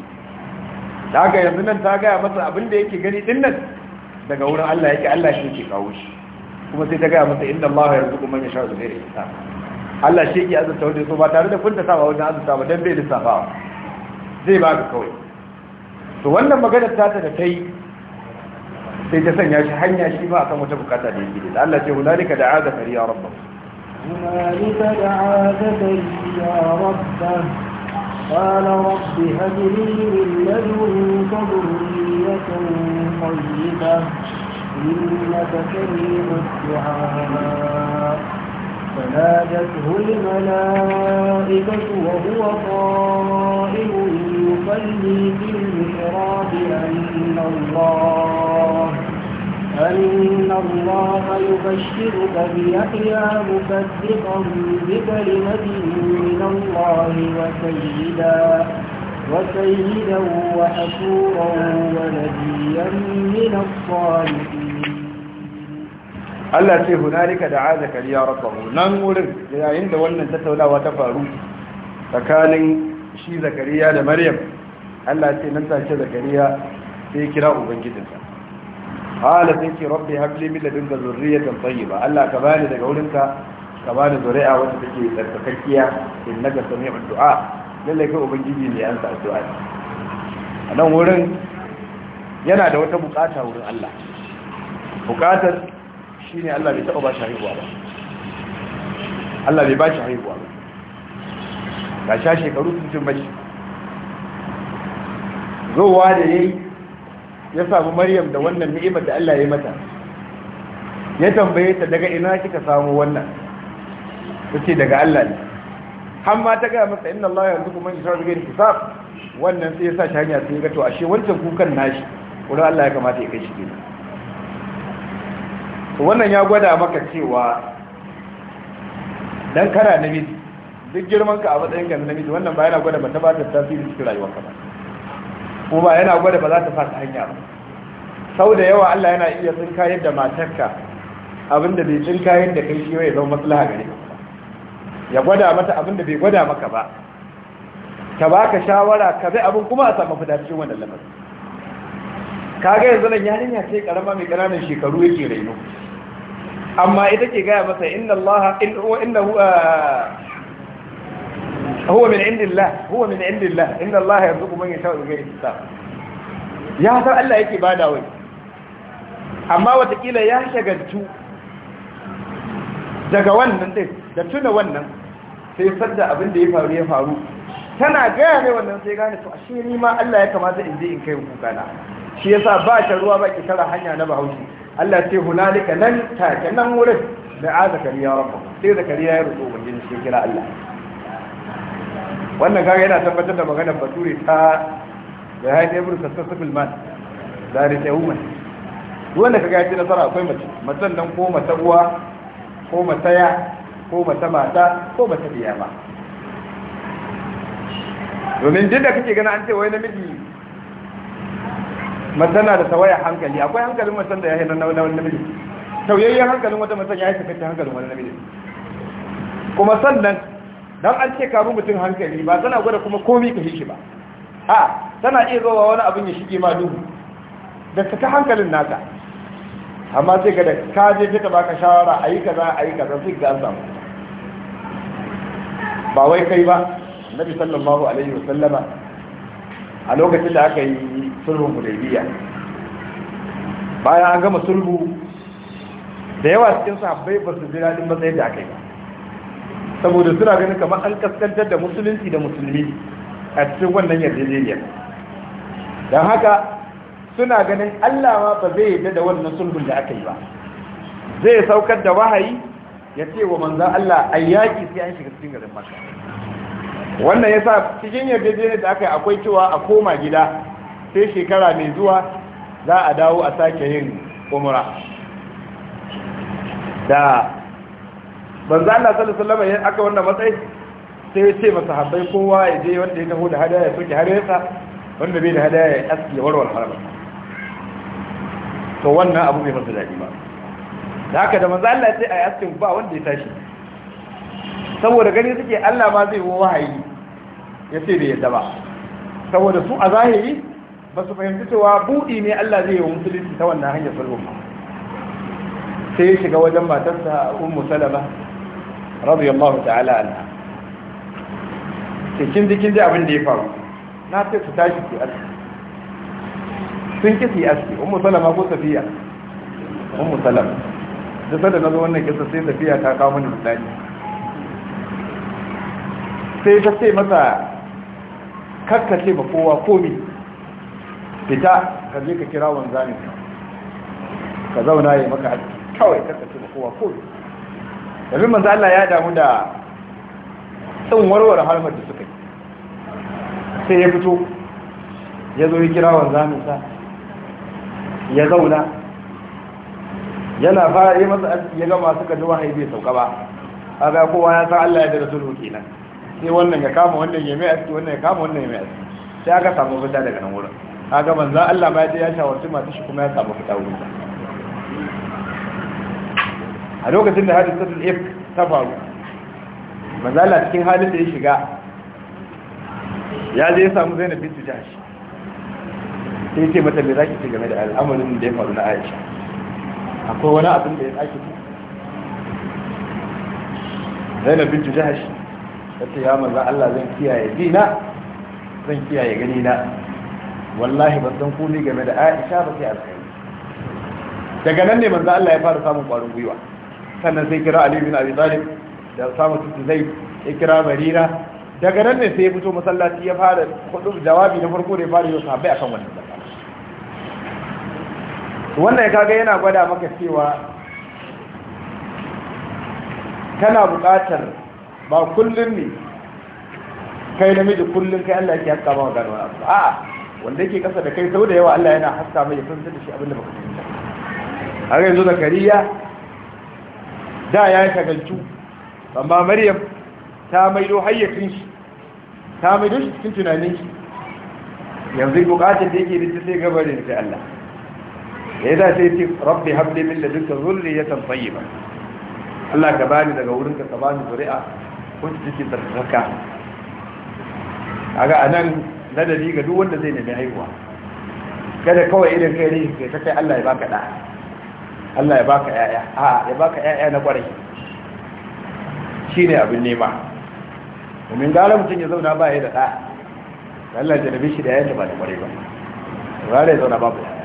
da haka yanzu nan ta gaya masa abin da yake gani din nan daga wurin Allah yake Allah shi ke kawo shi kuma sai ta gaya masa inda Allah ya rubuta man yasha zai da ita Allah shi ke azurta wanda so ba tare da kun kunta sawa wajen azurta ba dan bai lissafawa zai ba ka kawai to wannan magana ta ta da kai sai ta sanya shi hanya shi ba akan wata bukata da yake da Allah ce hunalika da aza kariya rabbahu hunalika da aza kariya rabbahu قال رب هب لي من لدنك ذرية طيبة إنك كريم الدعاء فنادته الملائكة وهو قائم يصلي في المحراب أن الله أن الله يبشرك بيحيى مصدقا بكلمة من الله وسيدا وسيدا وحسورا ونبيا من الصالحين Allah ce hunalika da azakariya rabbahu nan wurin yayin da wannan tattaunawa ta faru tsakanin shi zakariya da maryam Allah ce nan take zakariya sai kira ubangijinsa qala sai ce rabbi habli min ladunka zurriyatan tayyiba Allah ka bani daga wurinka ka bani zuri'a wacce take tsarkakakkiya innaka sami'ud du'a lalle kai ubangiji ne an sa addu'a a nan wurin yana da wata bukata wurin Allah bukatar shine Allah bai taba ba shi haihuwa ba Allah bai ba shi haihuwa ba ga sha shekaru sun cin bashi zowa da yayi ya samu maryam da wannan ni'imar da Allah ya mata ya tambaye ta daga ina kika samu wannan tace daga Allah ne har ma ta ga masa inna Allah yanzu kuma in shawar gani hisab wannan sai ya sa shi hanya sai ga to ashe wancan kukan nashi kuma Allah ya kamata ya kai shi gida wannan ya gwada maka cewa dan kana namiji duk girman ka a matsayin ka namiji wannan ba yana gwada mata ba ta tasiri cikin rayuwarka ba kuma ba yana gwada ba za ta fasa hanya ba sau da yawa Allah yana iya kayan da matarka abinda bai kayan da kai shi ya zama maslaha gare ya gwada mata abinda bai gwada maka ba ta baka shawara ka bi abin kuma a samu fita wannan lamar Ka ga yanzu nan ya ce karama mai ƙananan shekaru yake raino amma ita ke gaya masa inna Allah inna ah, عند min هو من min الله ان Allah يرزق من يشاء بغير حساب ya san Allah yake bada wai amma watakila ya shagaltu daga wannan din da tuna wannan sai sadda abin da ya faru ya faru tana gaya mai wannan sai gane to ashe ni ma Allah ya kamata in je in kai kuka na shi yasa ba ta ruwa ba ki tara hanya na bahaushe Allah sai hunalika nan ta nan wurin da ya rabu sai zakariya ya rubo wajen shi kira Allah wannan kaga yana tabbatar da maganar bature ta da ya yi ibn successful man da umar. woman wanda kaga ya ce nasara akwai mace matan nan ko mata uwa ko ya ko mata mata ko mata biyama domin duk da kake gana an ce wai namiji matana da tawaya hankali akwai hankalin matan da ya yi na wani namiji tauyayyen hankalin wata matan ya yi hankalin wani namiji kuma sannan dan an ce karu mutum hankali ba tana gwada kuma komai ka shi ba a tana iya zowa wani abin ya shige ma duhu da ta hankalin naka amma sai ga da ka je ta baka shawara ayi kaza ayi kaza sai ga an samu ba wai kai ba nabi sallallahu alaihi wa sallama a lokacin da aka yi sulhu hudaybiya bayan an gama sulhu da yawa cikin sahabbai ba su ji daɗin matsayin da aka yi ba saboda suna ganin kamar an kaskantar da musulunci da musulmi a cikin wannan yarjejeniyar don haka suna ganin Allah ma ba zai yarda da wannan sulhun da aka yi ba zai saukar da wahayi ya ce wa manzan Allah a yaƙi sai an shiga cikin garin maka wannan ya sa cikin yarjejeniyar da aka yi akwai cewa a koma gida sai shekara mai zuwa za a dawo a sake yin umra da banza Allah sallallahu alaihi wasallam ya aka wannan matsayi sai ya ce masa habbai kowa ya je wanda ya taho da hadaya ya soke hadayarsa wanda bai da hadaya ya aski ya warware to wannan abu bai masa daɗi ba da haka da manzo Allah sai ai askin ba wanda ya tashi saboda gani suke Allah ma zai wahayi ya ce bai yadda ba saboda su a zahiri ba su fahimci cewa buɗi ne Allah zai yi wa musulunci ta wannan hanyar sulhu sai ya shiga wajen matarsa ummu salama radiyallahu ta'ala anha cikin jikin da abin da ya faru na sai su tashi ke aski sun ki su yi aski un musalama ko safiya ummu salama da sada na zo wannan kisa sai tafiya ta kawo mani misali sai ta ce masa karkace ba kowa komi fita ka je ka kira wanzanin ka zauna ya maka aski kawai karkace ba kowa komi domin manzo Allah ya damu da tsin warware harfar da suka yi sai ya fito ya zo ya kira wanzaminsa ya zauna yana fara yi masa ya gama suka ji wahayi bai sauka ba a ga kowa ya san Allah ya da rasulu kenan sai wannan ya kama wannan ya mai aski wannan ya kama wannan ya mai aski sai aka samu fita daga nan wurin a ga manzan Allah ma ya ce ya shawarci masu shi kuma ya samu fita wurin a lokacin da hadisatul if ta faru mazala cikin halin da ya shiga ya je ya samu zainab bintu jahsh sai ce mata me zaki ce game da al'amarin da ya faru na Aisha akwai wani abin da ya tsaki ku? Zainab bintu Jahash tace ya manzo Allah zan kiyaye dina zan kiyaye gani na wallahi ban san kuni game da Aisha ba sai alkhairi daga nan ne manzo Allah ya fara samun kwarin gwiwa sannan sai kira Ali bin Abi Talib da Usama bin Zaid ya kira Barira daga nan ne sai ya fito masallaci ya fara kudu jawabi na farko da ya fara yau sahabbai akan wannan zakka wannan ya kaga yana gwada maka cewa kana buƙatar ba kullum ne kai namiji kullum kai Allah yake haska ma gano wani a a'a wanda yake kasa da kai sau da yawa Allah yana haska mai ya san da shi abinda baka sani har yanzu kariya. da ya yi tagaltu amma maryam ta maido hayyacin shi ta maido shi cikin tunanin shi yanzu bukatar da yake da ta sai gaba da ta Allah ya yi za ta yi ce rabbi hamdi min da duka zurri ya tamfayi ba Allah ka bani daga wurinka ka bani zuri'a wacce cikin tsarkaka a ga a nan ladabi ga duk wanda zai nemi haihuwa kada kawai irin kai ne kai ta kai Allah ya baka ɗaya Allah ya baka ƴaƴa a ya baka ƴaƴa na shi shine abin nema domin gara mutum ya zauna ba ya da ɗa Allah ya shi da ƴaƴa ba da ƙwarai ba gara ya zauna babu ƴaƴa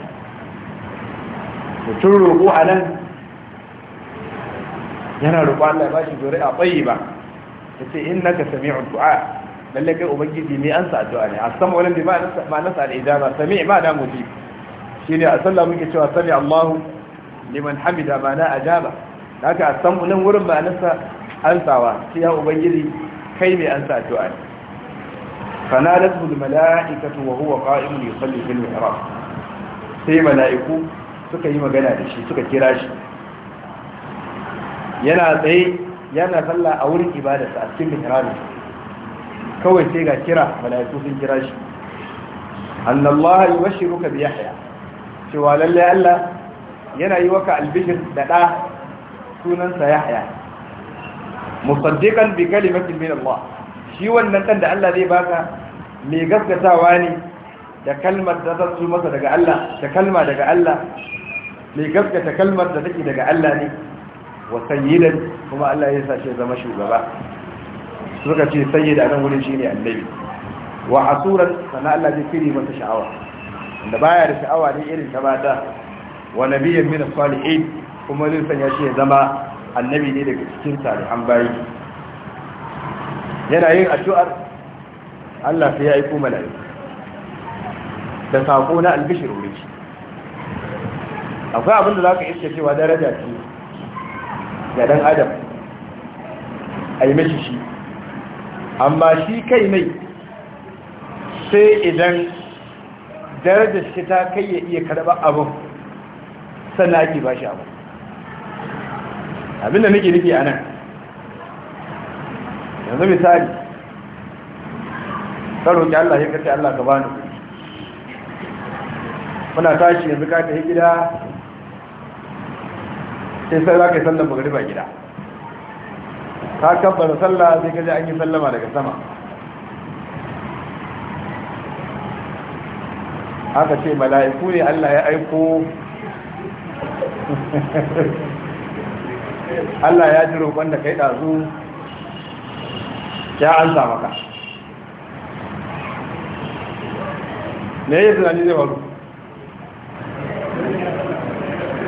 mutum roƙo a nan yana roƙo Allah ya bashi zuri'a ce in naka sami addu'a lalle kai ubangiji ne an sa addu'a ne a sama wani bi ma nasa al-ijaba sami' ma da mujib shine a sallah muke cewa sami Allahu liman hamida ma'ana ajaba haka a samu nan wurin ba ma'anarsa ansawa shi ya ubangiji kai mai ansa addu'a ne fanalatu almala'ikatu wa huwa qa'imun yusalli fil mihrab sai mala'iku suka yi magana da shi suka kira shi yana tsaye yana sallah a wurin ibadarsa a cikin mihrabin kawai sai ga kira mala'iku sun kira shi annallaha yubashshiruka bi yahya cewa lalle Allah yana yi waka albishir da ɗa sunansa yahya musaddiqan bi kalimatin min Allah shi wannan ɗan da Allah zai baka mai gaskatawa ne da kalmar da ta su masa daga Allah da kalma daga Allah mai gaskata kalmar da take daga Allah ne wa sayyidan kuma Allah ya sa shi zama shugaba suka ce sayyid a nan wurin shi ne annabi wa asuran sana Allah zai fili masa sha'awa wanda baya da sha'awa ne irin ta mata biyan nabiyyan kwali salihin kuma zai sanya shi ya zama annabi ne daga cikin an bayi yana yin addu'ar Allah sai ya aiko mala'iku da saƙo na albishir wuri akwai abin da za ka iske cewa daraja ce ga dan adam a yi mashi shi amma shi kai mai sai idan darajar shi ta kai ya iya karɓar abin sannan ake ba shi abu abinda nake nufi a nan yanzu misali ka roƙi Allah ya kace Allah ka bani muna tashi yanzu ka ta gida sai sai za ka yi sallar magariba gida ka kabbara sallah sai ka ji an yi sallama daga sama haka ce mala'iku ne Allah ya aiko Allah ya ji roƙon da kai ɗazu ya ansa maka me yi tunani zai faru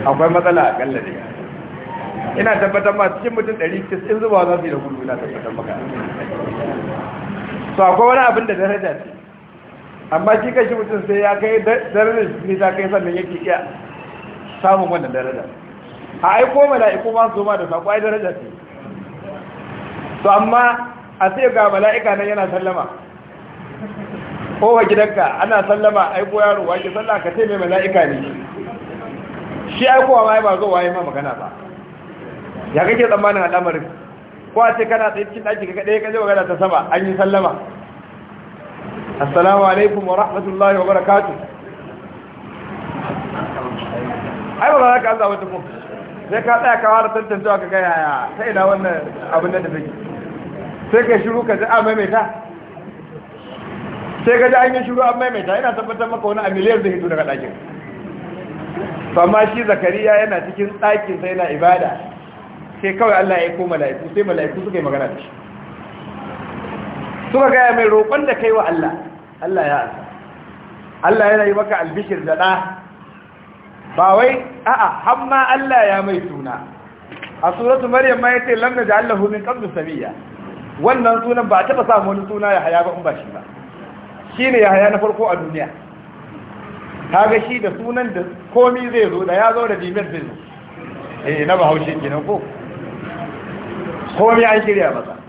akwai matsala a ƙalla ne ina tabbatar ma cikin mutum 190 zuba za su yi da kudu ina tabbatar maka so akwai wani abin da da ce amma shi kashi mutum sai ya kai darajar ne ta kai sannan yake iya samun wannan daraja a aiko mala'iku ma su ma da sako ai daraja ce to amma a sai ga mala'ika nan yana sallama ko wa gidanka ana sallama aiko yaro wa sallah ka ce mai mala'ika ne shi aikowa ma ba zo waye ma magana ba ya kake tsammanin al'amarin ko a ce kana tsaye cikin ɗaki ka ɗaya kaje magana ta sama an yi sallama assalamu alaikum wa rahmatullahi wa barakatuh ai ba za ka ansa wata ko sai ka tsaya kawo da tantancewa ka gaya ya ta ina wannan abin da take sai ka shiru ka ji a maimaita sai ka ji an yi shiru an maimaita ina tabbatar maka wani a miliyar zai hito daga ɗakin amma shi zakariya yana cikin ɗakin sai yana ibada sai kawai Allah ya ko mala'iku sai mala'iku suka yi magana da shi suka gaya mai roƙon da kai wa Allah Allah ya Allah yana yi maka albishir da ɗa ba wai a'a hamma Allah ya mai suna a suratu maryam ma yace lam naj'al lahu min qablu samiyya wannan sunan ba taba samu wani suna ya haya ba in ba shi ba shine ya haya na farko a duniya kaga shi da sunan da komi zai zo da ya zo da dimir zai zo eh na bahaushe kenan ko komi an shirya masa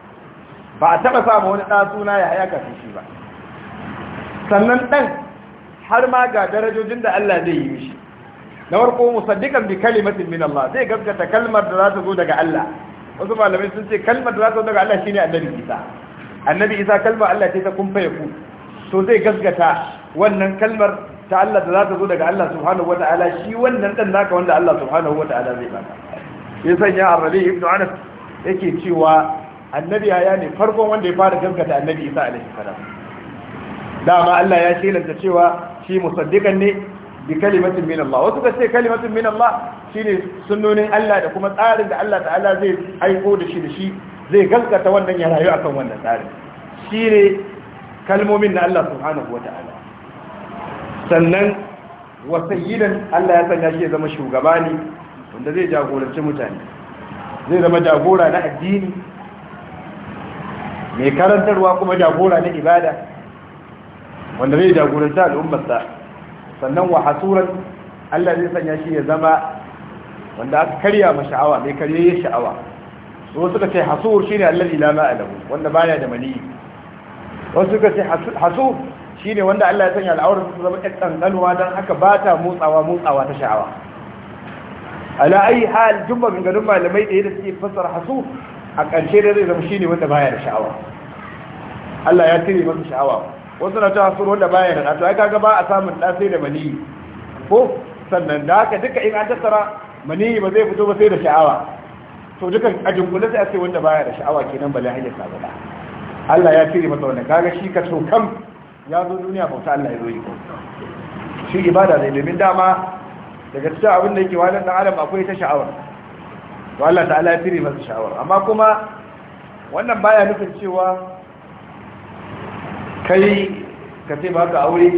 ba a taba samu wani da suna ya haya kafin shi ba sannan ɗan har ma ga darajojin da Allah zai yi mishi na farko musaddiqan bi kalimatin min Allah zai gaskata kalmar da za ta zo daga Allah wasu malamai sun ce kalmar da za ta zo daga Allah shine annabi Isa annabi Isa kalmar Allah ce ta kun fa yaku to zai gaskata wannan kalmar ta Allah da za ta zo daga Allah subhanahu wataala shi wannan dan naka wanda Allah subhanahu wataala zai baka ya sanya Arabi ibn Anas yake cewa annabi ya ne farkon wanda ya fara gaskata annabi Isa alaihi salam dama Allah ya shelanta cewa shi musaddiqan ne bi kalimatin min Allah wasu ka ce kalimatin min Allah shine sunnonin Allah da kuma tsarin da Allah ta'ala zai aiko da shi da shi zai gaskata wannan ya rayu akan wannan tsarin shine kalmomin na Allah subhanahu wata'ala sannan wa sayyidan Allah ya sanya shi ya zama shugaba ne wanda zai jagoranci mutane zai zama jagora na addini mai karantarwa kuma jagora na ibada wanda zai jagoranta al'ummarsa sannan wa hasuran Allah zai sanya shi ya zama wanda aka karya ma sha'awa mai karye ya sha'awa so suka ce hasur shine Allah la ma'alahu wanda baya da mani wasu suka ce hasu shine wanda Allah ya sanya al'aurar su zama ƙaƙƙan ƙanwa don haka ba ta motsawa motsawa ta sha'awa ala ayi hal jumba ganganun malamai da suke fassara hasu a ƙarshe da zai zama shine wanda baya da sha'awa Allah ya tire masa sha'awa wasu na cewa hasuru wanda baya da to ai kaga ba a samun da sai da maniyi ko sannan da haka duka in an tattara maniyi ba zai fito ba sai da sha'awa to duka a jinkula sai a ce wanda baya da sha'awa kenan bala hanyar samu da Allah ya tsire masa wannan kaga shi ka to kam ya zo duniya bauta Allah ya zo yi shi ibada ne domin dama daga cikin abin da yake wani dan adam akwai ta sha'awar to Allah ta'ala ya tsire masa sha'awar amma kuma wannan baya nufin cewa kai ka ce ba ka aure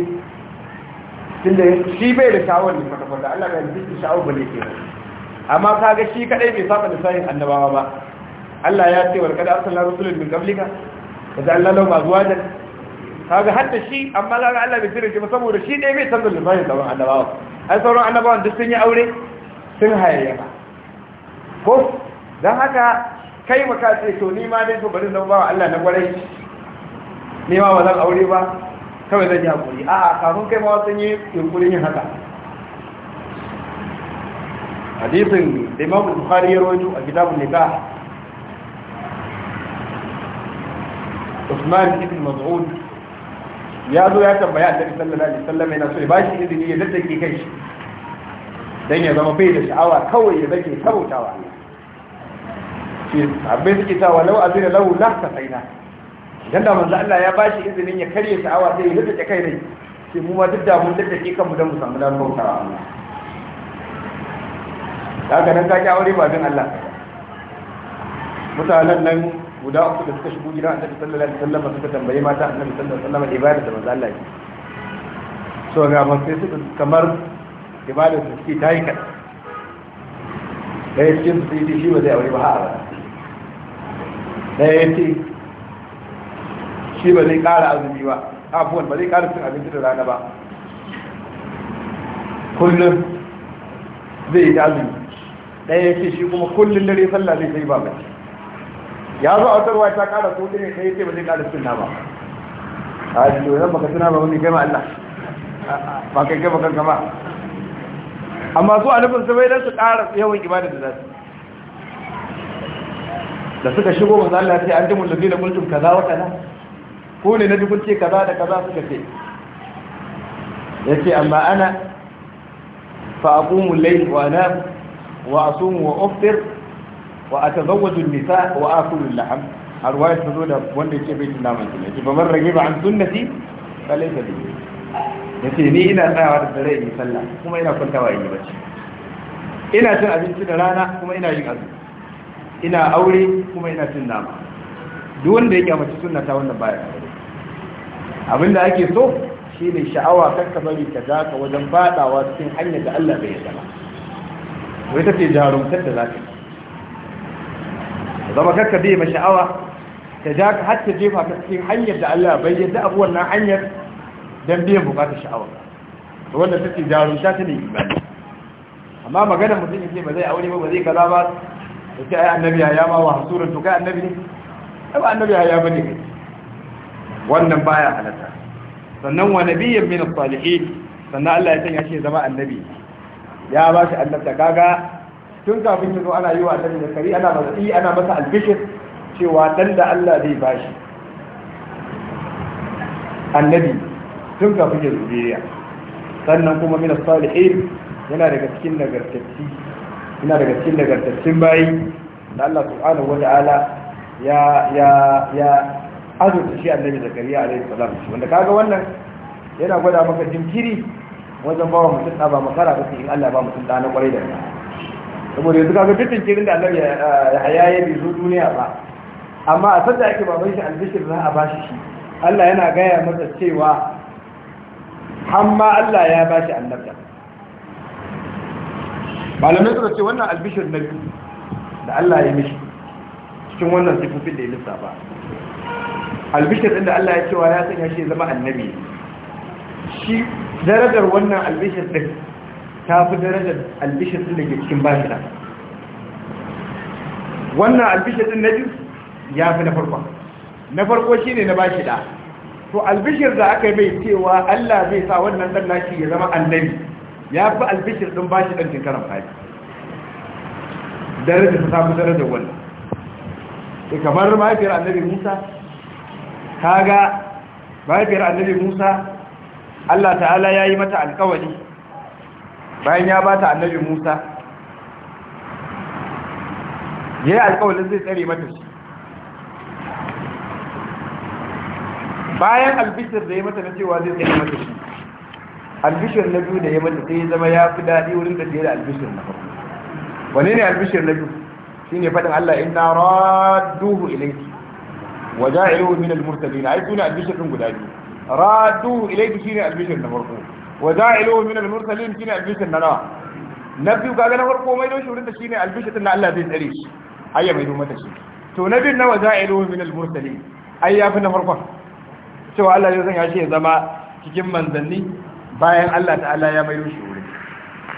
tunda shi bai da shawar ne kwata-kwata Allah bai da shawar ba ne ke amma ka ga shi kadai bai saba da sayin annabawa ba Allah ya ce warkada asallar rasulun min kablika da ta Allah lau mazuwa da ka ga hatta shi amma ka ga Allah bai tsira ce ba saboda shi ne bai saba da sayin sauran annabawa ai sauran annabawan duk sun yi aure sun hayayyafa ko don haka kai maka ce to ni ma dai to bari zama ba Allah na gwarai ne ma ba zan aure ba kawai zan yi a a'a kafin kai ma sun yi yunkurin yin haka hadisin da imamu bukhari ya rojo a kitabun ba Usman ibn Mas'ud ya zo ya tambaya Annabi sallallahu alaihi wasallam yana so ya bashi izini ya daddake kai shi dan ya zama bai da sha'awa kawai ya zake sabautawa shi abin suke ta walau azira lahu lahta saina idan da manzo Allah ya bashi izinin ya karye awa sai ya rike kai ne sai mu ma duk da mun duk da ke kanmu dan mu samu dan bautawa Allah daga nan ka ji aure ba dan Allah mutanen nan guda uku da suka shigo gidan Annabi sallallahu alaihi wasallam suka tambaye mata Annabi sallallahu alaihi wasallam ibada da manzo Allah so ga ba sai su kamar ibada su suke dai ka dai cikin su sai shi ba zai aure ba har ba dai ce shi ba zai ƙara azumi ba abuwan ba zai ƙara cin abinci da rana ba kullum zai yi azumi ɗaya ce shi kuma kullum dare sallah zai sai ba mai ya zo a tarwa ta ƙara so ɗaya kai ce ba zai ƙara cin ba a yi yau baka suna ba wani gama Allah ba kai gama bakan gama amma su a nufin sabai don su kara yawan ibada da zasu da suka shigo masu Allah sai an ji mullabi da mulkin kaza wa kaza ko ne na dubun ce kaza da kaza suka ce yace amma ana fa aqumu al-layl wa anam wa asumu wa uftir wa atazawwaju an-nisa wa akulu al-lahm arwaya tazo da wanda yake bai tunama ne yace baman ragiba an sunnati fa laysa Ya ce ni ina tsayawa da dare in sallah kuma ina kwantawa in yi bacci ina cin abinci da rana kuma ina yin azumi ina aure kuma ina cin nama duk wanda yake a mace sunna ta wannan baya abinda ake so shi ne sha'awa kan ka bari ka za ka wajen fadawa cikin hanyar da Allah bai yarda ba wai ta ce jarumtar da za ka yi zama kakka bai ma sha'awa ka ja ka har jefa ka cikin hanyar da Allah bai yadda abu nan hanyar don biyan bukatar sha'awa to wanda ta ce jarumta ta ne imani amma magana mutum ya ce ba zai aure ba ba zai kaza ba ya ce ai annabi ya yama wa hasuran to kai annabi ne ba annabi ya ba ne kai wannan baya halatta sannan wa nabiyyin min salihin sannan Allah ya sanya shi zama annabi ya ba shi annabta kaga tun kafin ya zo ana yi wa annabi da kari ana masa ana masa albishir cewa dan da Allah zai ba shi annabi tun kafin ya zuriya sannan kuma min salihin yana daga cikin nagartacci yana daga cikin nagartaccin bayi da Allah subhanahu wata'ala ya ya ya azurta shi annabi zakariya alaihi salam wanda kaga wannan yana gwada maka jinkiri wajen bawa mutum da ba makara ba in Allah ba mutum ɗa na ƙwarai da ba saboda yanzu kaga duk jinkirin da annabi eh, ya haya ya bi zo duniya ba amma a sanda ake baban shi albishir za a bashi shi Allah yana gaya masa cewa amma Allah ya bashi annabta malamai suka ce wannan albishir na da Allah ya mishi cikin wannan sifofin da ya lissafa albishir ɗin da Allah ya cewa ya sanya shi zama annabi shi darajar wannan albishir ɗin ta fi darajar albishir ɗin da ke cikin bashi da wannan albishir ɗin na biyu ya fi na farko na farko shi ne na bashi da to albishir da aka yi mai cewa Allah zai sa wannan ɗan nashi ya zama annabi ya fi albishir ɗin bashi ɗan tinkarar fadi darajar ta fi darajar wannan kamar mahaifiyar annabi musa kaga mahaifiyar annabi Musa Allah ta'ala ya yi mata alkawali bayan ya ba ta annabi Musa ya yi alkawalin zai tsare mata shi bayan albishir da ya mata na cewa zai tsare mata shi albishir na biyu da ya mata sai ya zama ya fi daɗi wurin da da albishir na farko wane ne albishir na biyu shi ne faɗin Allah inna raduhu ilaiki wa ja'iluhu min al-mursalin ai sune albishir din guda biyu radu ilayhi shine albishir na farko wa ja'iluhu min shine albishir na nawa na biyu kaga na farko mai don shurin da shine albishir din Allah zai tsare shi ayya mai don mata shi to na na ya fi na farkon cewa Allah ya zama cikin manzanni bayan Allah ta'ala ya mai don shurin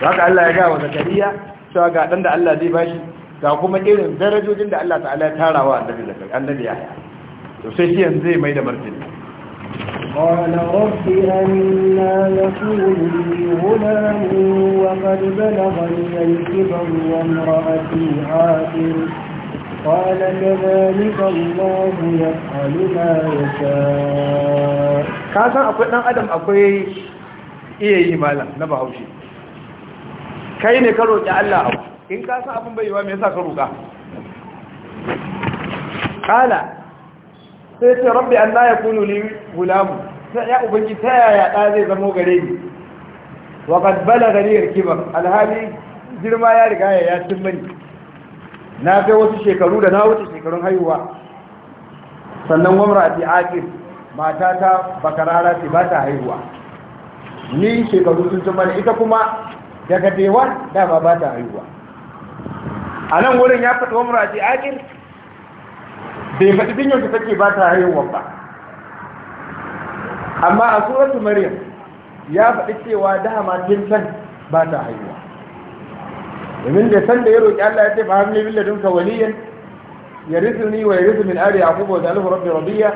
haka Allah ya ga wa zakariya cewa ga dan da Allah zai bashi ga kuma irin darajojin da Allah ta'ala ya tarawa annabi zakariya annabi ya. to sai shi yanzu zai mai da martin ƙwala rafi amina ya fi hulani wa ƙarbala hanyar kiban ruwan ra'afi haɗin ƙwala da zalikan mahu ya ƙalu na ya sha ƙasan akwai ɗan adam akwai iya yi malam na bahaushe kai ne ka ƙi allah in ka ƙasan abin bayiwa mai sa ka ruka ƙala sai ce rabbi an na ya kunu ne gulamu ya ubangi ta yaya ɗa zai zamo gare ni wa kad bala gari rikiba alhali girma ya riga ya yasin mani na kai wasu shekaru da na wuce shekarun haihuwa sannan wamra a ti'akir ta bakarara ce ba ta haihuwa ni shekaru sun cin mani ita kuma daga dewan dama ba ta haihuwa a nan wurin ya faɗi wamra a ti'akir bai faɗi din yau take ba ta haihuwa ba amma a suratu maryam ya faɗi cewa dama tun can ba ta haihuwa domin da san da ya roƙi Allah ya ce fa hamli bil ladunka waliyan yarisuni wa yarisu min ali yaqub wa zalahu rabbi radiya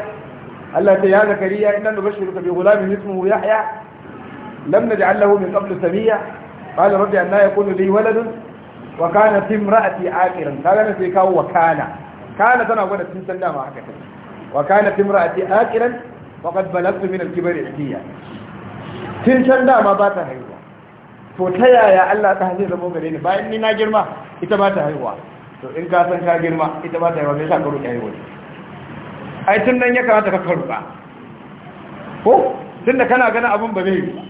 Allah ta ya zakariya inna nubashshiruka bi ghulamin ismuhu yahya lam naj'al lahu min qablu samia قال ربي أن لا يكون لي ولد وكانت امرأتي عاقرا قال أنا سيكاو وكان kana tana gwada tun san dama haka ta wa kana timra'ati akiran wa qad balagtu min al-kibri ihtiya tun san dama ba ta haihuwa to ta yaya Allah ta zai zama gare ni bayan ni na girma ita ba ta haihuwa to in ka san ka girma ita ba ta haihuwa me yasa ka roƙi haihuwa ai tun nan ya kamata ka karba ko tun da kana gana abin ba zai yi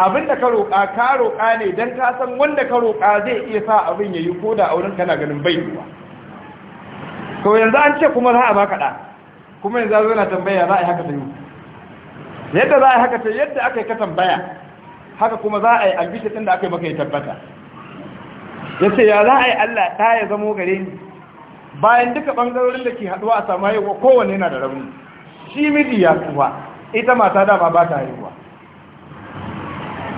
abin da ka roƙa ka roƙa ne don ka san wanda ka roƙa zai iya sa abin ya yi ko da auren kana ganin bai yiwa to yanzu an ce kuma za a baka da kuma yanzu zo na tambaya za a yi haka ta yi yadda za a yi haka ta yadda aka yi ka tambaya haka kuma za a yi albishir ɗin da aka yi maka yi tabbata ya ce ya za a yi Allah ta ya zamo gare ni bayan duka ɓangarorin da ke haɗuwa a samu haihuwa kowane yana da rauni shi miji ya tsufa ita mata dama ba ta haihuwa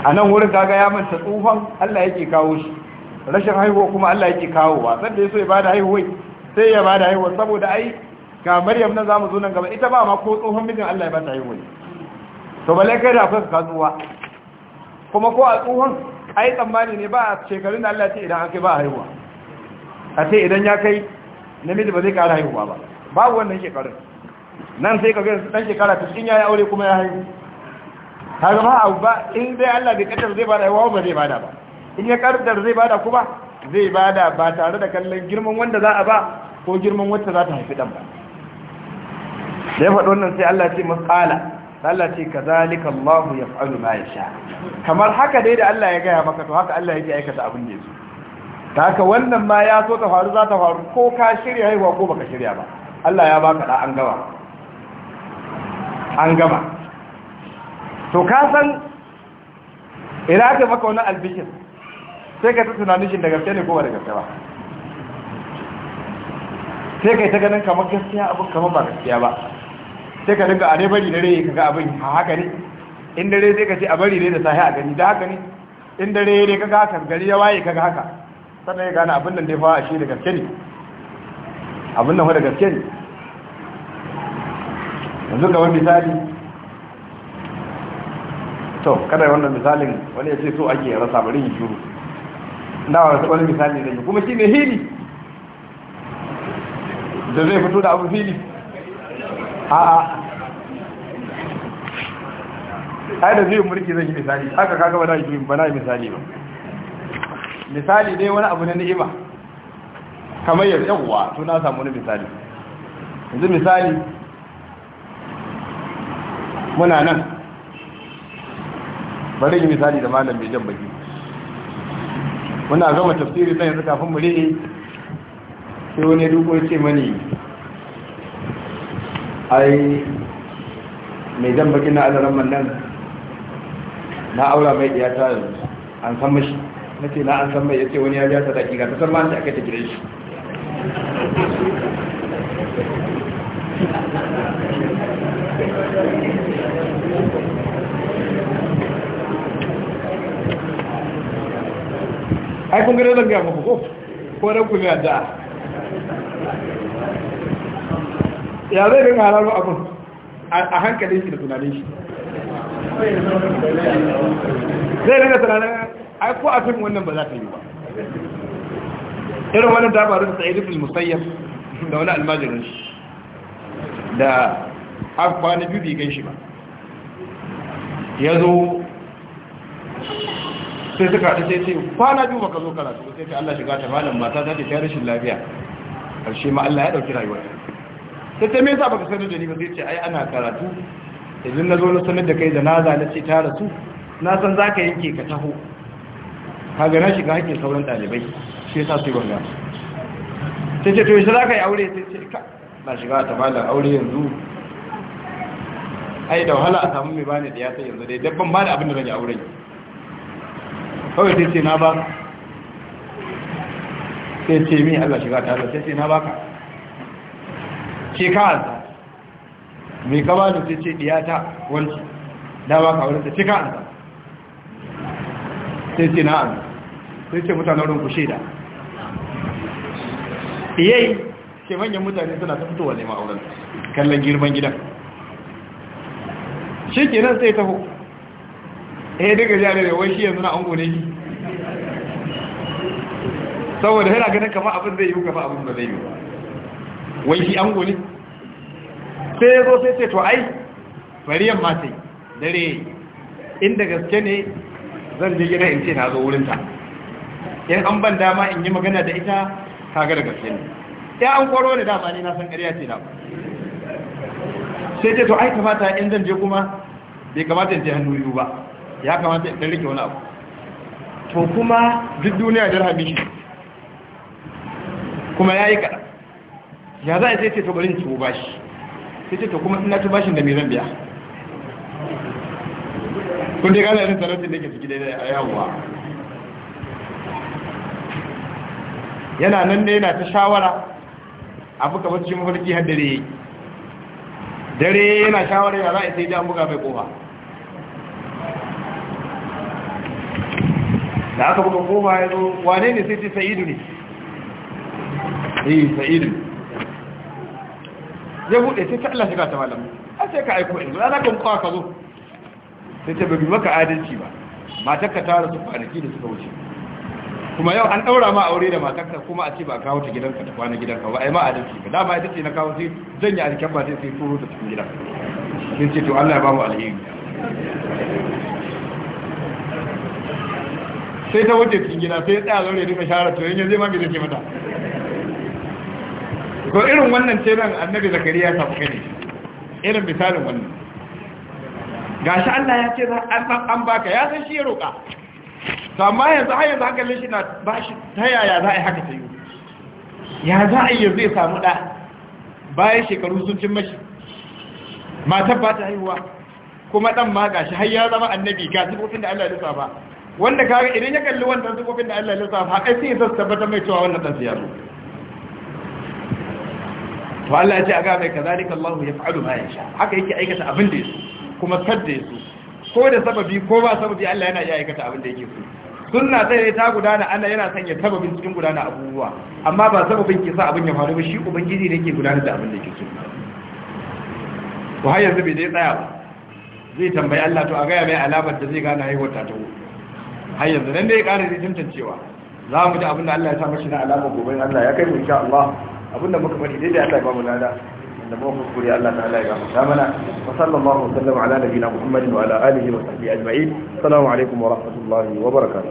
a nan wurin kaga ya manta tsufan Allah yake kawo shi rashin haihuwa kuma Allah yake kawo wa sanda ya so ya bada haihuwa sai ya bada haihuwa saboda ai ga maryam nan zamu zo nan gaba ita ba ma ko tsohon mijin Allah ya ba ta haihuwa to balle kai da akwai kasuwa kuma ko a tsohon ai tsammani ne ba a shekarun da Allah ya ce idan an kai ba haihuwa a ce idan ya kai namiji ba zai kara haihuwa ba babu wannan shekarun nan sai ka ga dan shekara ta cikin yayi aure kuma ya haihu kaga ma abu ba in dai Allah bai kaddara zai bada haihuwa ba zai ba da ba in ya kaddara zai bada kuma zai bada ba tare da kallon girman wanda za a ba ko girman wacce za ta haifi dan ba sai faɗi wannan sai Allah ce mas'ala Allah ce kazalika Allah fa’alu ma sha kamar haka dai da Allah ya gaya maka to haka Allah yake aikata abin da yake ta haka wannan ma ya so ta faru za ta faru ko ka shirya haihuwa ko baka shirya ba Allah ya baka da an gama an gama to ka san ina ka maka wani albishin sai ka ta tunanin shi da gaske ne ko ba da gaske ba sai ka yi ta ganin kamar gaskiya abin kamar ba gaskiya ba sai ka dinga a ne bari na rai ka ga abin a haka ne in dare sai ka ce a bari ne da sahi a gani da haka ne in dare ne ka ga haka gari ya waye ka ga haka sannan ya gane abin nan da ya fawa shi da gaske ne abin nan da gaske ne yanzu ga wani misali to kada wannan misalin wani ya ce so ake rasa bari yi shuru na wani misali da kuma shi ne hili da zai fito da abu a a'a ai da zai mulki zai yi misali aka kaka ba na yi ba na yi misali ba misali dai wani abu na ni'ima kamar yau yawwa to na samu wani misali yanzu misali muna nan bari yi misali da malam mai jan baki muna gama tafsiri sai yanzu kafin mu rike sai wani duko ce mani ai mai jan baki na alaran nan na aura mai ya ta an san mashi na ce na an san mai ya ce wani ya ja ta daki ga ta san ma ta aka ta gire shi ai kun gare zan gaya muku ko ko dan ku mai addu'a ya zai dinga halalo abin a hankalin shi da tunanin shi zai dinga tunanin ai ko a cikin wannan ba za ta yi ba irin wannan ta faru da sa'id rufin musayyab da wani almajirin shi da an kwana biyu bai gan shi ba ya zo sai suka haɗu sai ce kwana biyu maka zo karatu sai ce Allah shiga ta malam mata za ta ta rashin lafiya karshe ma Allah ya ɗauki rayuwa sai ta me yasa baka sanar da ni ba sai ce ai ana karatu idan na zo na sanar da kai da na ce ta rasu na san za ka yanke ka taho kaga na shiga hakkin sauran ɗalibai shi yasa su yi wanga sai ce to shi za ka yi aure sai ce ka na shiga ta malam aure yanzu ai da wahala a samu mai bani da ya sai yanzu dai dabban da abin da zan yi aure kawai sai ce na ba sai ce mi Allah shiga ta sai ce na ba ka ce ka alza mai gaba da sai ce diyata wanci da ba ka wurinta ce ka alza sai ce na alza sai ce mutanen rinku shaida iyayi ke manyan mutane suna ta fitowa ne ma'auran kallon girman gidan shi kenan sai taho eh daga jare da wai shi yanzu na ango ne ki saboda yana ganin kama abin zai yi kama abin da zai yi wai shi ango ne sai ya zo sai ce to ai bariyan ma sai dare inda gaske ne zan je gida in ce na zo wurinta in an ban dama in yi magana da ita kaga da gaske ne ya an kwaro ne dama ne na san ƙarya ce na sai ce to ai kamata in zan je kuma bai kamata in je hannu yiwu ba ya kamata ya rike wani abu to kuma duk duniya dirhami shi kuma ya yi kada ya za a sai ce to barin ci bashi sai ce to kuma ina ci bashin da mai zan biya kun dai gane irin sanar da ke ciki daidai a yawwa yana nan ne yana ta shawara a buka bacci mafarki har dare dare yana shawara ya za a sai da an buga mai kofa da aka buga koma ya zo wane ne sai ce sa'idu ne eh sa'idu ya buɗe sai ta Allah shiga ta malamu a sai ka aiko yanzu ana kan kwa ka zo sai ta bai maka adalci ba matakka ta rasu kwanaki da suka wuce kuma yau an ɗaura ma aure da matakka kuma a ce ba kawo ta gidanka ta kwana gidanka ba a yi ma adalci ba dama ita ce na kawo sai janya ba sai sai furo ta cikin gida sai ce to Allah ya ba mu alheri sai ta wuce cikin gida sai ya tsaya zaure duka share to yanzu zai ma zai ke mata ko irin wannan ce nan annabi zakariya ta fuka ne irin misalin wannan gashi Allah ya ce an baka ya san shi ya roƙa to amma yanzu har yanzu hankalin shi na bashi ta yaya za a yi haka ta yi ya za a yi zai samu ɗa bayan shekaru sun cin mashi matar ba ta haihuwa kuma dan ma gashi har ya zama annabi ga sifofin da Allah ya ba wanda kaga idan ya kalli wannan sifofin da Allah ya lissafa ai sai ya tabbata mai cewa wannan dan siyasa to Allah ya ce aga mai kazalika Allah fa'alu ma yasha haka yake aikata abin da yake kuma sadda yake ko da sababi ko ba sababi Allah yana iya aikata abin da yake so sunna sai dai ta gudana Allah yana sanya sababin cikin gudana abubuwa amma ba sababin ke sa abin ya faru ba shi ubangiji ne yake gudanar da abin da yake so to har yanzu bai dai tsaya ba zai tambayi Allah to a ga mai alamar da zai gane haihuwar ta ta har yanzu nan dai ya ƙara cewa za mu ji abin da Allah ya sa mashi na alama gobe Allah ya kai mu insha Allah abin da muka faɗi da Allah ya ba mu lada da mu kuri Allah ta'ala ya mu mana wa sallallahu wa sallam ala nabiyina Muhammadin wa ala alihi wa sahbihi ajma'in assalamu alaikum wa rahmatullahi wa barakatuh